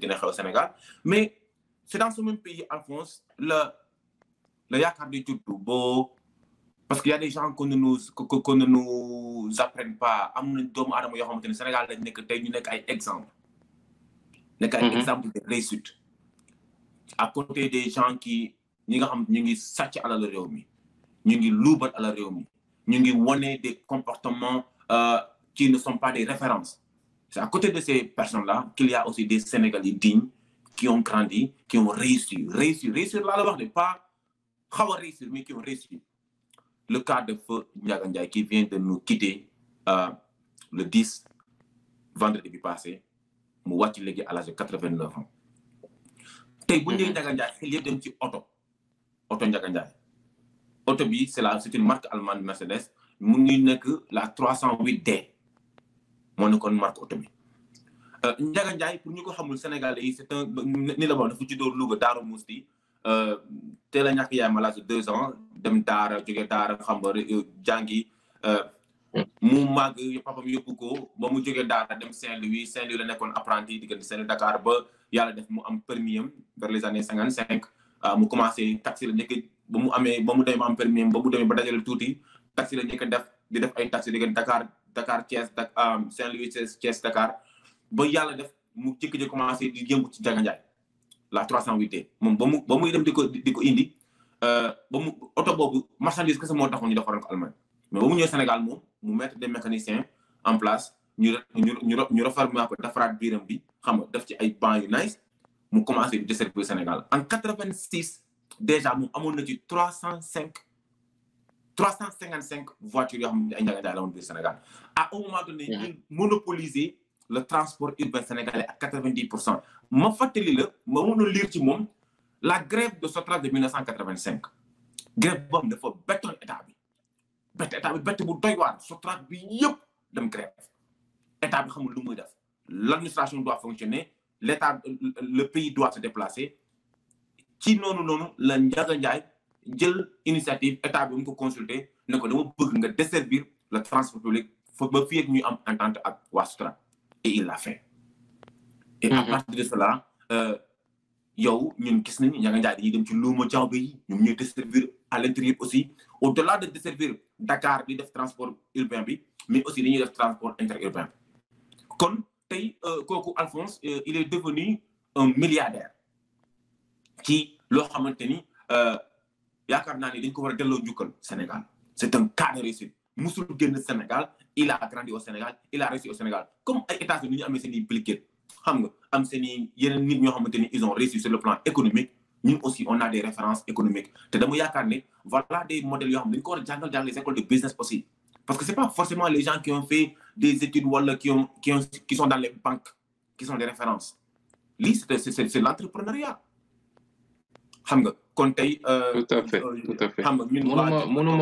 dina Sénégal mais c'est dans ce même pays en France le yakar de di parce qu'il y a des gens qu'on ne nous qu'on ne nous apprenne pas am nañ doomu nous yoo Sénégal nous sommes des ñu Nous ay exemple exemples ay mhm. exemple de réussite à côté des gens qui ñi nga xam ñu ngi sàcc alal réew mi ñu ngi luubal alal réew mi ngi des comportements euh, qui ne sont pas des références c'est à côté de ces personnes là qu'il y a aussi des Sénégalais dignes qui ont grandi qui ont réussi réussi réussir là, la wax de pas avoir réussi, mais qui ont réussi le cas de Feu Ndiaye qui vient de nous quitter euh, le 10 vendredi passé, mu wàcc léegi à l'âge de 89 ans. Tay bu ñu Ndiaye Ndiagandiaï xel yëpp dem ci Auto oto Ndiaye. Auto bi c'est la c'est une marque allemande Mercedes mu ngi nek la 308D moo kon marque auto bi. Euh, Ndiaga Ndiaye pour ñu ko xamul Sénégalais c'est un ni la wax dafa door Louga Darou Musti un té la ñak à l'âge de 2 ans dem daara jóge daara xam nga jàngi euh, mu màgg papam yóbbu ko ba mu jógee daara dem Saint-Louis Saint-Louis la nekkoon apprenti diggante Saint-Louis Dakar ba yàlla def mu am permis am vers les années cinquante euh, mu commencé la njëkk ba mu amee ba mu demee ba am permis am ba mu demee ba dajale tuuti taxi la njëkk def di def ay taxi diggante Dakar Dakar Thiès dak euh, Saint-Louis Thiès Dakar ba yàlla def mu jëkk commencé di yëngu ci Ndiaga la 308 ba mu ba dem di ko di ko indi Euh, ba mu oto marchandise kese mo taxone ñu defaral ko Allemagne mais ba mu ñëw Sénégal moom mu mettre des mécaniciens en place ñu ñu ñu ñu réformer ko defaraat biiram bi xam nga def ci ay bancs yu nice mu commencé di desservir Sénégal. en 86 déjà moom amoon na ci 305 355 voitures yo xam ne ay njëkk jaay la woon biir Sénégal à un moment donné. ñu monopoliser le transport urbain sénégalais à 90% ma fàttali le ma mënu lire ci mom la grève de sauvetage de 1985 grève boobu dafa bettoon état bi bett état bi bett bu doy waar sauvetage bi yëpp dem grève état bi xamul lu muy def l'administration doit fonctionner l'état le pays doit se déplacer Qui non, non, la Ndiaga Ndiaye jël initiative état bi mu consulter ne ko dama bëgg nga desservir le transport public fa ba fii ak ñuy am entente ak waa et il l'a fait et à mm-hmm. partir de cela euh, yow ñun gis nañu ñanga nga yi dem ci luuma jawbe yi ñum ñuy desservir à l'intérieur aussi au delà de desservir Dakar bi def transport urbain bi mais aussi dañuy def transport interurbain kon euh, Alphonse euh, il est devenu un milliardaire qui lo xamanteni euh yaakaar naa ni dañ ko war a delloo Sénégal c'est un cas de réussite musul génn Sénégal il a grandi au Sénégal il a réussi au Sénégal comme ay États-Unis ñu amee seen i ils ont réussi sur le plan économique Nous aussi on a des références économiques voilà des modèles qui ont dans les écoles de business possibles. parce que ce c'est pas forcément les gens qui ont fait des études ou qui qui sont dans les banques qui sont des références lii c'est l'entrepreneuriat euh, tout à fait euh, tout à fait Nous nga Nous mhm.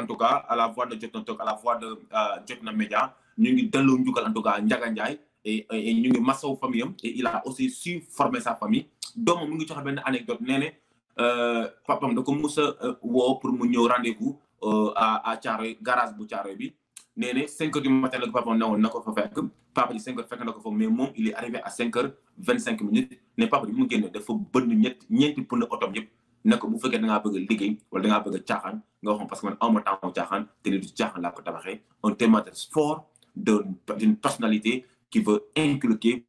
en tout cas à la voix de à la voix de euh, ñu ngi delloo njukkal en tout cas Ndiaga Ndiaye et ñu ngi masaw famille am et il a aussi su former sa famille doomam mu ngi joxe benn anecdote nee ne euh, papam da ko mus a euh, woo pour mu ñëw rendez-vous euh, à à Thiaroye garage bu Thiaroye bi nee ne cinq heures du matin la ko papam ne woon na ko fa fekk papa ji cinq heures fekk na ko fa mais moom il est arrivé à cinq heures vingt cinq minutes ne papa ji mu génne dafa bënn ñett ñeenti pneu otom yëpp ne ko bu fekkee da ngaa bëgg a liggéey wala da ngaa bëgg a caaxaan nga waxoon parce que man awma temps caaxaan te lii du caaxaan laa ko tabaxee un témoignage fort d'une personnalité qui veut inculquer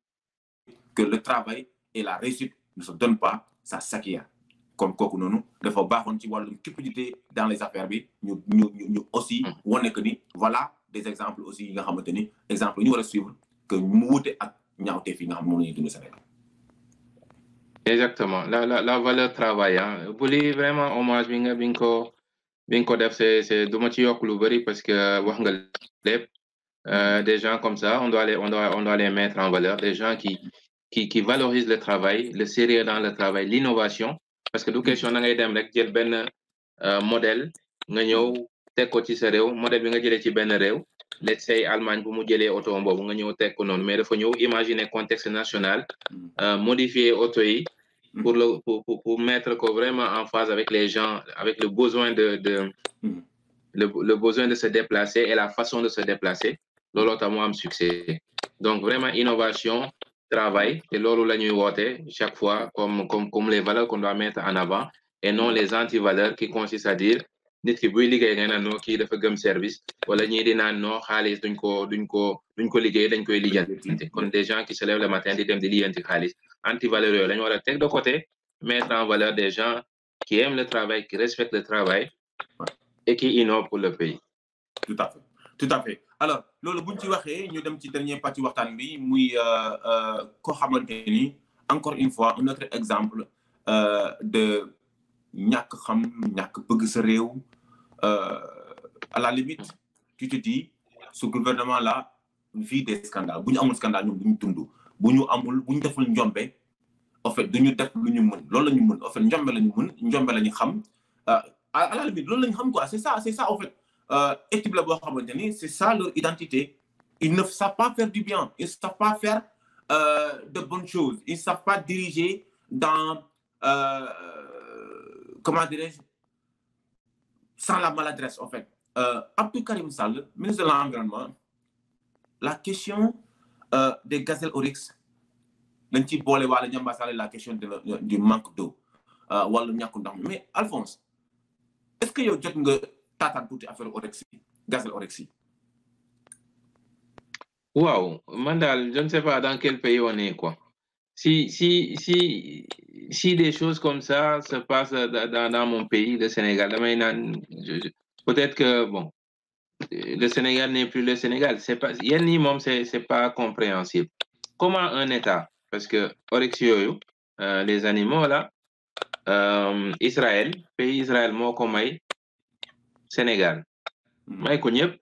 que le travail et la réussite ne se donnent pas, ça s'acquiert. Comme quoi, nous dafa baaxoon ci une cupidité dans les affaires Nous Nous nous nous aussi mm. on que connu. voilà des exemples aussi yi nga tenu, exemple nous ñu suivre que nous, avons ak finalement yi nga exactement la la la valeur travail hein. Vous voulez vraiment hommage bi nga bi ko def c'est c'est du ma ci parce que wax nga lépp euh, des gens comme ça, on doit, les, on, on doit les mettre en valeur, des gens qui, qui, valorisent le travail, le sérieux dans le travail, l'innovation. Parce que nous question avons un dem euh, modèle modèle let's say Allemagne bu mu mais contexte national mm. euh, modifier mm. pour pour, pour, mettre vraiment en phase avec les gens avec le besoin de de mm. le besoin de se déplacer et la façon de se déplacer lolo tax mu am succès donc vraiment innovation travail et lolo la ñuy woote chaque fois comme comme comme les valeurs qu'on doit mettre en avant et non les anti-valeurs qui consistent à dire nit ki buy liggéey nga naan noo kii dafa gëm service wala ñi di naan noo duñ ko duñ ko duñ ko liggéey dañ koy kon des gens qui se lèvent le matin di dem di lijanti xaalis anti-valeurs yooyu de côté mettre en valeur des gens qui aiment le travail qui respectent le travail et qui innovent pour le pays. tout à fait tout à fait alors loolu buñ ci waxé ñu dem ci dernier partie waxtan bi muy euh, euh ko xamanteni encore une fois un autre exemple euh, de ñak xam ñak bëgg sa réew euh, à la limite tu te dis ce gouvernement là vit des scandales buñ amul scandale ñu buñ tundu buñu amul buñ ñu deful njombe en fait duñu def lu ñu mën loolu lañu mën en fait njombe lañu mën njombe xam à la limite loolu lañu xam quoi c'est ça c'est ça en fait euh, équipe voir comme c'est ça leur identité ils ne savent pas faire du bien ils ne savent pas faire euh, de bonnes choses ils ne savent pas diriger dans euh, comment dirais-je sans la maladresse en fait Abdou Karim Sall ministre de l'environnement la question des gazelles oryx la question du manque d'eau mais Alphonse est-ce que yow jot nga taataan tuuti affaire l'orexie, gazel orex mandal, je ne sais pas dans quel pays on est quoi si si si si des choses comme ça se passent dans, mon pays le Sénégal peut-être que bon le Sénégal n'est plus le Sénégal c'est pas a ni c'est c'est pas compréhensible comment un État parce que l'orexie, euh, les animaux là euh, Israël pays Israël moko may Sénégal hmm. may ko ñëpp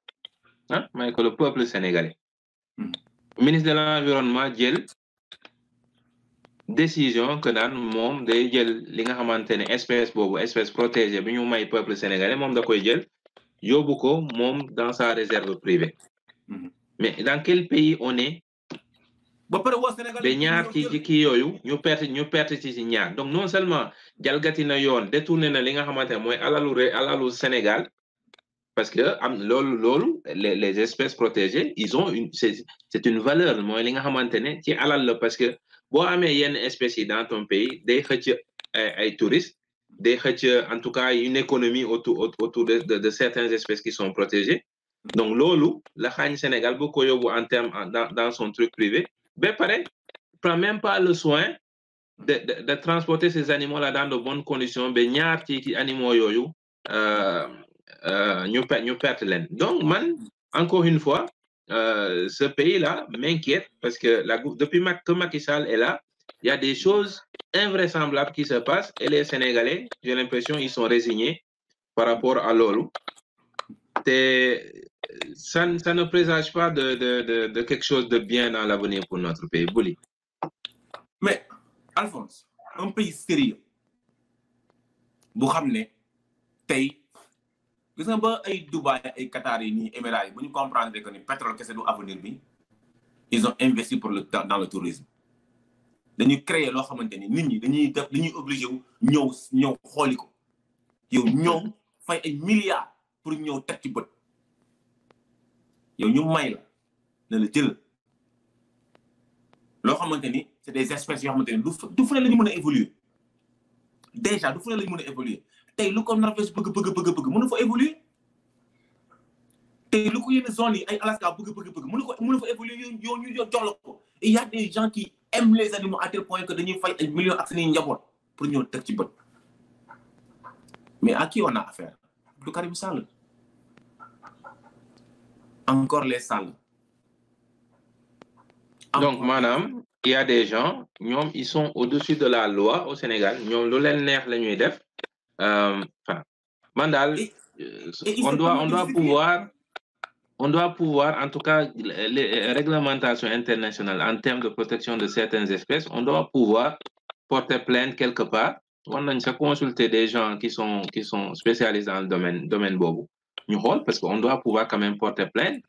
ah le peuple sénégalais hmm. ministre de l'environnement jël décision que naan moom day jël li nga xamante ne espèce boobu espèce protégée bi ñu may peuple sénégalais moom da koy jël yobuko ko dans sa réserve privée hmm. mais dans quel pays on est ba pare waa Sénégal ba ñaar ki kii yooyu ñu perte ñu perte ci ñaar donc non seulement jalgati na yoon détourné na li nga xamante ne mooy alalu alalu Sénégal parce que les espèces protégées ils ont une c'est une valeur parce que il y yenn une espèce dans ton pays des xëcc ay touristes day en tout cas une économie autour autour de de certaines espèces qui sont protégées donc lolu la xaañ Sénégal beaucoup en terme dans son truc privé Ben pareil, prend même pas le soin de transporter ces animaux là dans de bonnes conditions Ben ñaar ci animaux euh, euh, ñu donc man encore une fois euh, ce pays-là m'inquiète parce que la, depuis que Macky Sall est là, il y a des choses invraisemblables qui se passent et les Sénégalais, j'ai l'impression, ils sont résignés par rapport à l'OLU. Ça, ne présage pas de, de, de, quelque chose de bien dans l'avenir pour notre pays. Mais, Alphonse, un pays sérieux, vous ramenez, si nga ba Dubaï ay Qatar yi Émirats yi que ni pétrole kese du avenir bi ils ont investi pour le dans le tourisme Ils créer loo xamante ni nit ñi dañuy def obligé wu ñëw ñëw yow milliards pour ñëw teg ci bët yow ñu may la des espèces qui ont été du déjà du tey lu ko Norvège bëgg bëgg bëgg bëgg mënu fa évoluer tey lu ko yenn zone yi ay Alaska bëgg bëgg bëgg mënu ko mënu fa évoluer yow ñu jox la ko il y a des gens qui aiment les animaux à tel point que dañuy fay ay millions ak seen i pour ñëw teg ci bët mais à qui on a affaire du Karim Sall encore les Sall donc maanaam il y a des gens ñom ils sont au-dessus de la loi au Sénégal ñom lu leen neex lañuy def euh, enfin euh, on doit on doit pouvoir on doit pouvoir, en tout cas, les réglementations internationales en termes de protection de certaines espèces, on doit pouvoir porter plainte quelque part. On a consulter des gens qui sont, qui sont spécialisés dans le domaine, domaine Bobo. Parce qu'on doit pouvoir quand même porter plainte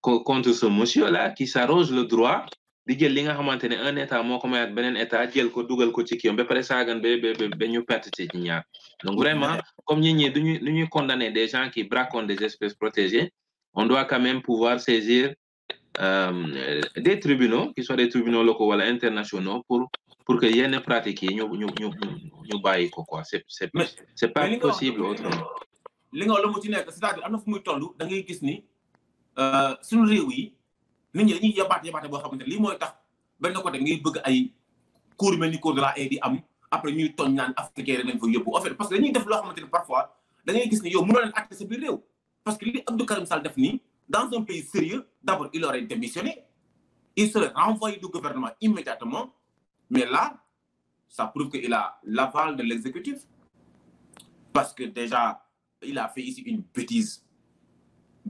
contre ce monsieur-là qui s'arrose le droit di jël li nga xamantene un état moko ko mayaat beneen état jël ko dugal ko ci kii ba pare saagan be be be ñu perte ci ñaar donc vraiment comme ñi ñi duñu du ñuy condamner des gens qui braquent des espèces protégées on doit quand même pouvoir saisir euh, des tribunaux qui soient des tribunaux locaux wala internationaux pour pour que yenn pratique yi ñu ñu ñu ñu bàyyi ko quoi c'est c'est c'est pas possible autrement li nga wax la mu ci nekk c'est-à-dire am na fu muy toll da ngay gis ni euh suñu réew yi nit ñi dañuy yabaate yabaate boo xamante ne lii mooy tax ben côté ngay bëgg ay cours yu mel cours de la haie di am après ñuy togn naan africain rek lañ fa yóbbu en fait parce que dañuy def lo xamante parfois da ngay gis ni yow mënoo leen àtte sa biir parce que li Abdou Karim Sall def ni dans un pays sérieux d'abord il aurait démissionné il serait renvoyé du gouvernement immédiatement mais là ça prouve qu'il a l'aval de l'exécutif parce que déjà il a fait ici une bêtise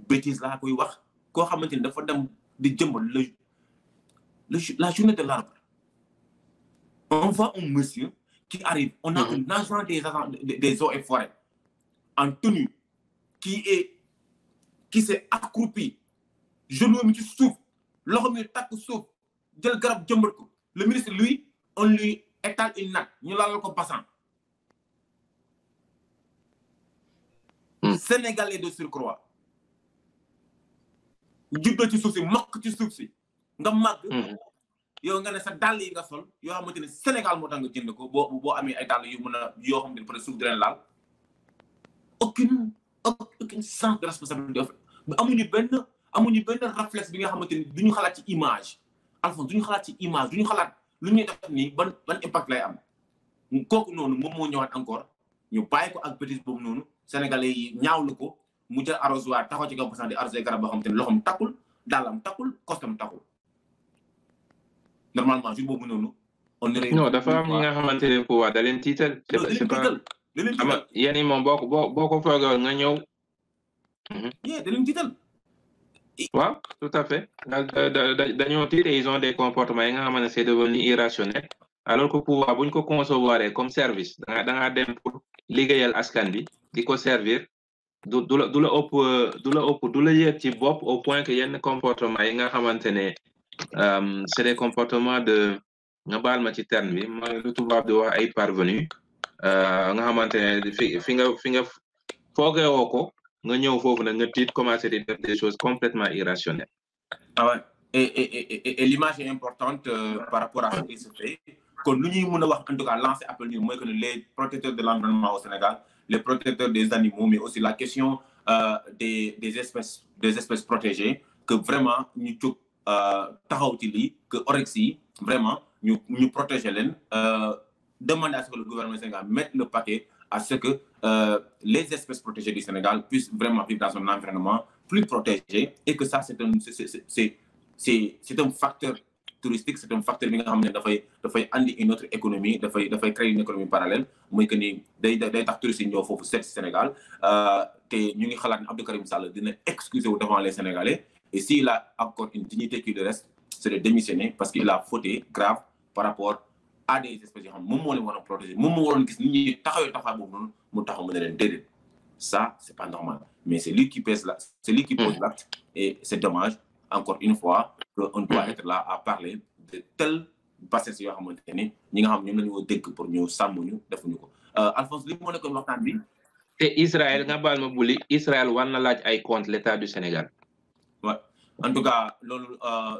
bêtise laa koy wax ko xamante ni dafa dem de le, la journée de l'arbre. On voit un monsieur qui arrive, on a mhm. un agent des, des, des eaux et forêts en tenue qui est qui s'est accroupi, genou mais souffle souffre. L'homme est Le ministre, lui, on lui étale une natte, ñu là comme passant. Hmm. Sénégalais de surcroît. juddo ci suuf si mokk ci suuf si nga mag hmm. yow nga ne sa dal yi nga sol yoo xamante senegal sénégal moo tax nga jënd ko boo boo amee ay dal yu mën a yoo xamante ne peut être di leen laal aucune aucune sens de responsabilité amuñu benn amuñu benn réflexe bi nga xamante duñu xalaat ci image alphonse duñu xalaat ci image duñu xalaat lu ñuy def nii ban ban impact lay am kooku noonu moom moo ñëwaat encore ñu bàyyi ko ak bêtise boobu noonu sénégalais yi ñaawlu ko mu jël arrosoir taxaw ci kaw basan di arrosé garab boo xam te ne loxom takkul dàllam takkul kostam takkul normalement jour boobu noonu. on dafa am ñi nga xamante ne quoi da leen tiital. da leen tiital da leen tiital yéen yi moom da leen tiital. waaw tout des comportements yi nga xamante ne c'est devenu irrationnel alors que pouvoir bu ñu ko concevoir comme service da nga dem pour liggéeyal askan bi di ko servir. du du la du la ëpp euh, du la ëpp du ci bopp au point que yenn comportement yi nga xamante ne euh, c'est des comportements de nga baal ma ci terme bi ma lu tubaab di wax ay parvenu euh, nga xamante ne fi fi nga fi nga foogee ko nga ñëw foofu nag nga tiit commencer di def des choses complètement irrationnelles. ah ouais et et et et l'image est importante par rapport à ce qui se fait kon lu ñuy mën a wax en tout cas lancer appel que les protecteurs de l'environnement au Sénégal les protecteurs des animaux, mais aussi la question euh, des, espèces, des espèces protégées, que vraiment nous euh, taxaw que Orexy vraiment nous ñu protéger euh, à ce que le gouvernement Sénégal mette le paquet à ce que euh, les espèces protégées du Sénégal puissent vraiment vivre dans un environnement plus protégé et que ça, c'est un, c'est, un facteur touristique c'est un facteur qui nga da fay da fay andi une autre économie à fay créer une économie parallèle moy que ni day day tax touristes ñoo fofu Sénégal euh, ñu ngi xalaat Abdou Karim Sall dina excuser devant les Sénégalais et s'il a encore une dignité qui reste c'est de démissionner parce qu'il a fauté grave par rapport à des espèces de xam moom moo leen protéger moom moo waroon gis nit ñi taxaw taxaw boobu mu taxaw mu leen ça c'est pas normal mais c'est lui qui pèse là c'est lui qui pose mmh. l'acte et c'est dommage encore une fois que on doit hmm. être là à parler de telle bassesse yoo xamante ni ñi nga xam ñoom la ñu dégg pour ñu sàmm ñu defuñu ko euh, Alphonse li moo nekkoon waxtaan bi. te Israël nga baal ma buli Israël war na laaj ay compte l'état du Sénégal. en tout cas loolu euh,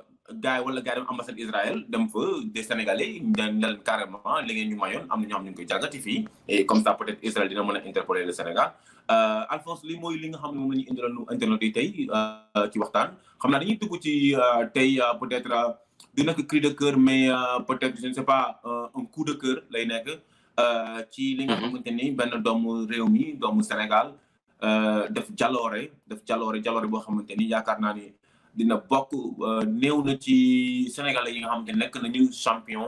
gars yi wala gars yi dem ambassade Israël dem fa des Sénégalais dañ leen carrément li ngeen mayoon am na ñoo xam ñu ngi koy jàggati fii comme ça peut-être Israël dina mën a interpeller le Sénégal. Euh, Alphonse li mooy li nga xam ne moom la ñu indiloon internet yi tey euh, ci waxtaan xam naa dañuy dugg ci euh, tey peut-être du nekk cri de cœur mais peut-être je ne sais pas un coup de cœur lay nekk ci li nga mhm. xamante ni benn doomu réew mi doomu Sénégal def jaloore def jaloore jaloore boo xamante ni yaakaar naa ni dina bokk néew na ci sénégal yi nga xam ni nekk nañu champion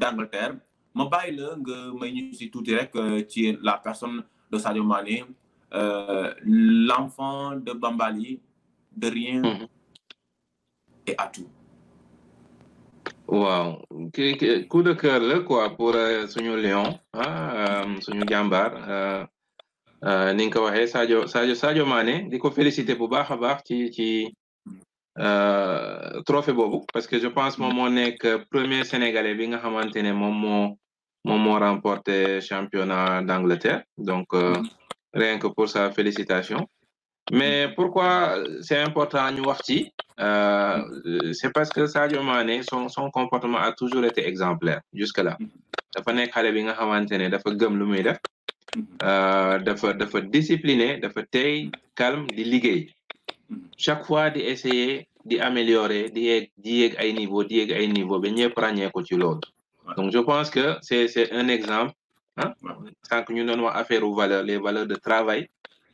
d'Angleterre ma bàyyi la nga may ñu si tuuti rek ci la personne de Sadio Mané, euh, l'enfant de Bambali, de rien mm -hmm. et à tout. waaw coup de cœur quoi pour euh, suñu Lion ah hein, euh, suñu euh, euh... ni nga waxee Sadio Sadio Sadio Mané di ko féliciter bu baax a baax ci ci trophée boobu parce que je pense moom moo nekk premier sénégalais bi nga xamante ne moom moo Maman remporté championnat d'Angleterre. Donc, euh, mm-hmm. rien que pour ça, félicitation. Mais mm-hmm. pourquoi c'est important à nous voir euh, mm-hmm. C'est parce que Sadio Mane, son, comportement a toujours été exemplaire jusque-là. Il fait, xale bi nga dafa gëm lu muy euh, discipliné calme di chaque fois di essayer di améliorer di un di ay niveau di à ay niveau ba ñëpp a ko ci donc je pense que c'est c'est un exemple Hein? tant que nous donnons à affaire aux valeurs les valeurs de travail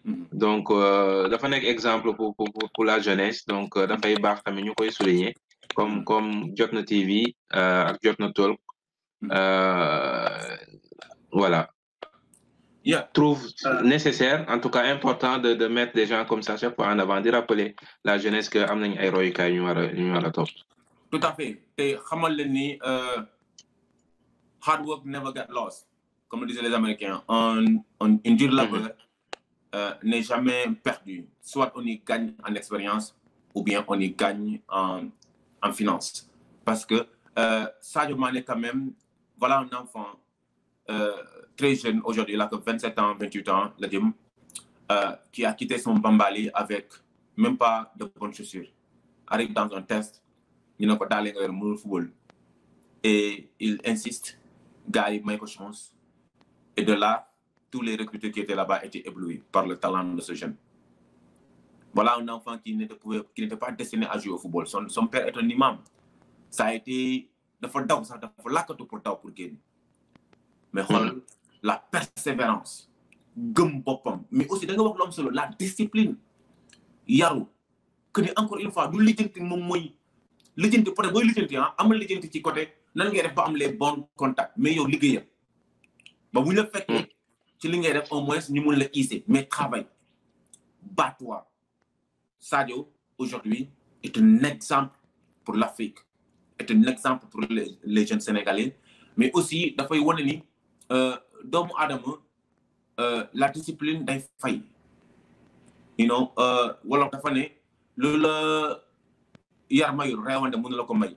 mm-hmm. donc euh, dafa un exemple pour pour pour la jeunesse donc euh, dafay baax tamit ñu koy souligner comme mm-hmm. comme Jotna TV euh, ak Jotna Talk mm-hmm. voilà. Yeah. trouve nécessaire, en tout cas important, de, de, mettre des gens comme ça chaque en avant, de rappeler la jeunesse que est héroïque à Tout à fait. Et, hard work never got lost. Comme le disaient les Américains, un, un, une dure mhm. labeur euh, n'est jamais perdu. Soit on y gagne en expérience ou bien on y gagne en, en finance. Parce que je euh, Sadio Mané, quand même, voilà un enfant euh, très jeune aujourd'hui, il a que 27 ans, 28 ans, le qui a quitté son Bambali avec même pas de bonnes chaussures. Arrive dans un test, il n'a pas d'aller le football. Et il insiste gars Michael et de là tous les recruteurs qui étaient là-bas étaient éblouis par le talent de ce jeune voilà un enfant qui n'était qui n'était pas destiné à jouer au football son père est un imam ça a été dafa pour mais hmm. la persévérance mais aussi la discipline yaro que encore une fois du nous peut-être nous nous amal nan ngay def ba am les bons contacts mais yow liggéeyam ba bu ñu la fekkee hmm. ci li ngay def au moins ñu mun la hisser mais travail bats-toi Sadio aujourd'hui est un exemple pour l'Afrique est un exemple pour les les jeunes sénégalais mais aussi dafay wane ni euh, doomu euh la discipline day fay you know euh, wala dafa ne loolu la yar mayul reewande mënu la ko may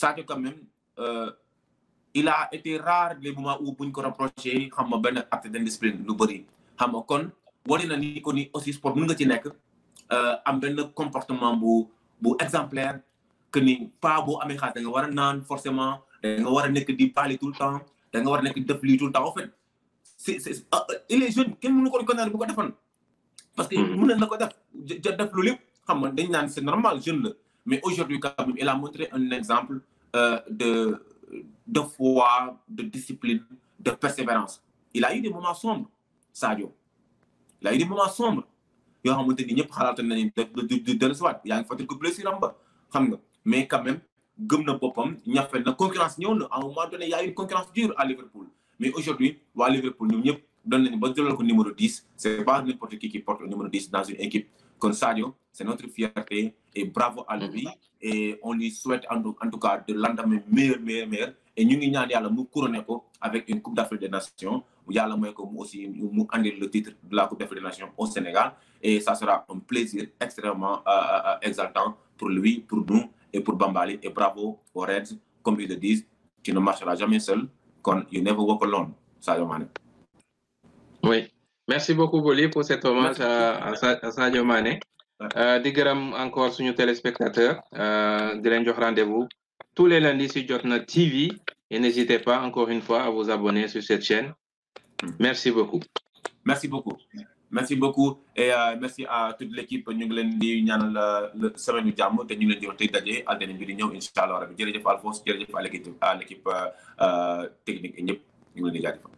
Sadio quand même euh, il a été rare les moments où buñ ko rapproché xam ben acte d'indiscipline lu bëri xam nga kon wane na ni ko ni aussi sport mën nga ci nek euh am ben comportement bu bu exemplaire que ni pas boo amé xaalis da nga wara a forcément da nga wara nek di parler tout le temps da nga wara nek nekk def lii tout le temps en fait c'est c'est ah, euh, il est jeune kenn mënu ko condamner bu ko defoon parce que mm-hmm. mën na ko def ja def lu lépp xam nga dañ naan c'est normal jeune la mais aujourd'hui quand même il a montré un exemple euh, de, foi, de discipline, de persévérance. Il a eu des moments sombres, Sadio. Il a eu des moments sombres. Il a eu des moments sombres. Il de eu Il moments sombres. Il a eu des xam nga mais quand même il na boppam ñafe na concurrence à un moment donné il y a eu une concurrence dure à Liverpool mais aujourd'hui à Liverpool nous avons donné le numéro 10 Ce n'est pas n'importe qui qui porte le numéro 10 dans une équipe comme c'est notre fierté et bravo à lui. Mm-hmm. Et on lui souhaite en, tout cas de l'endormir meilleur, meilleur, meilleur. Et nous, nous avons couronner avec une Coupe d'Afrique des Nations. Nous allons aussi le titre de la Coupe d'Afrique des Nations au Sénégal. Et ça sera un plaisir extrêmement euh, euh, euh, exaltant pour lui, pour nous et pour Bambali. Et bravo aux Reds, comme ils le disent, qui ne marchera jamais seul. You never walk alone, ça, Oui, merci beaucoup Boli pour cet hommage à Sadio euh, encore téléspectateur téléspectateurs euh, rendez-vous tous les lundis sur Jotna TV et n'hésitez pas encore une fois à vous abonner sur cette chaîne merci beaucoup. merci beaucoup merci beaucoup et euh, merci à toute l'équipe technique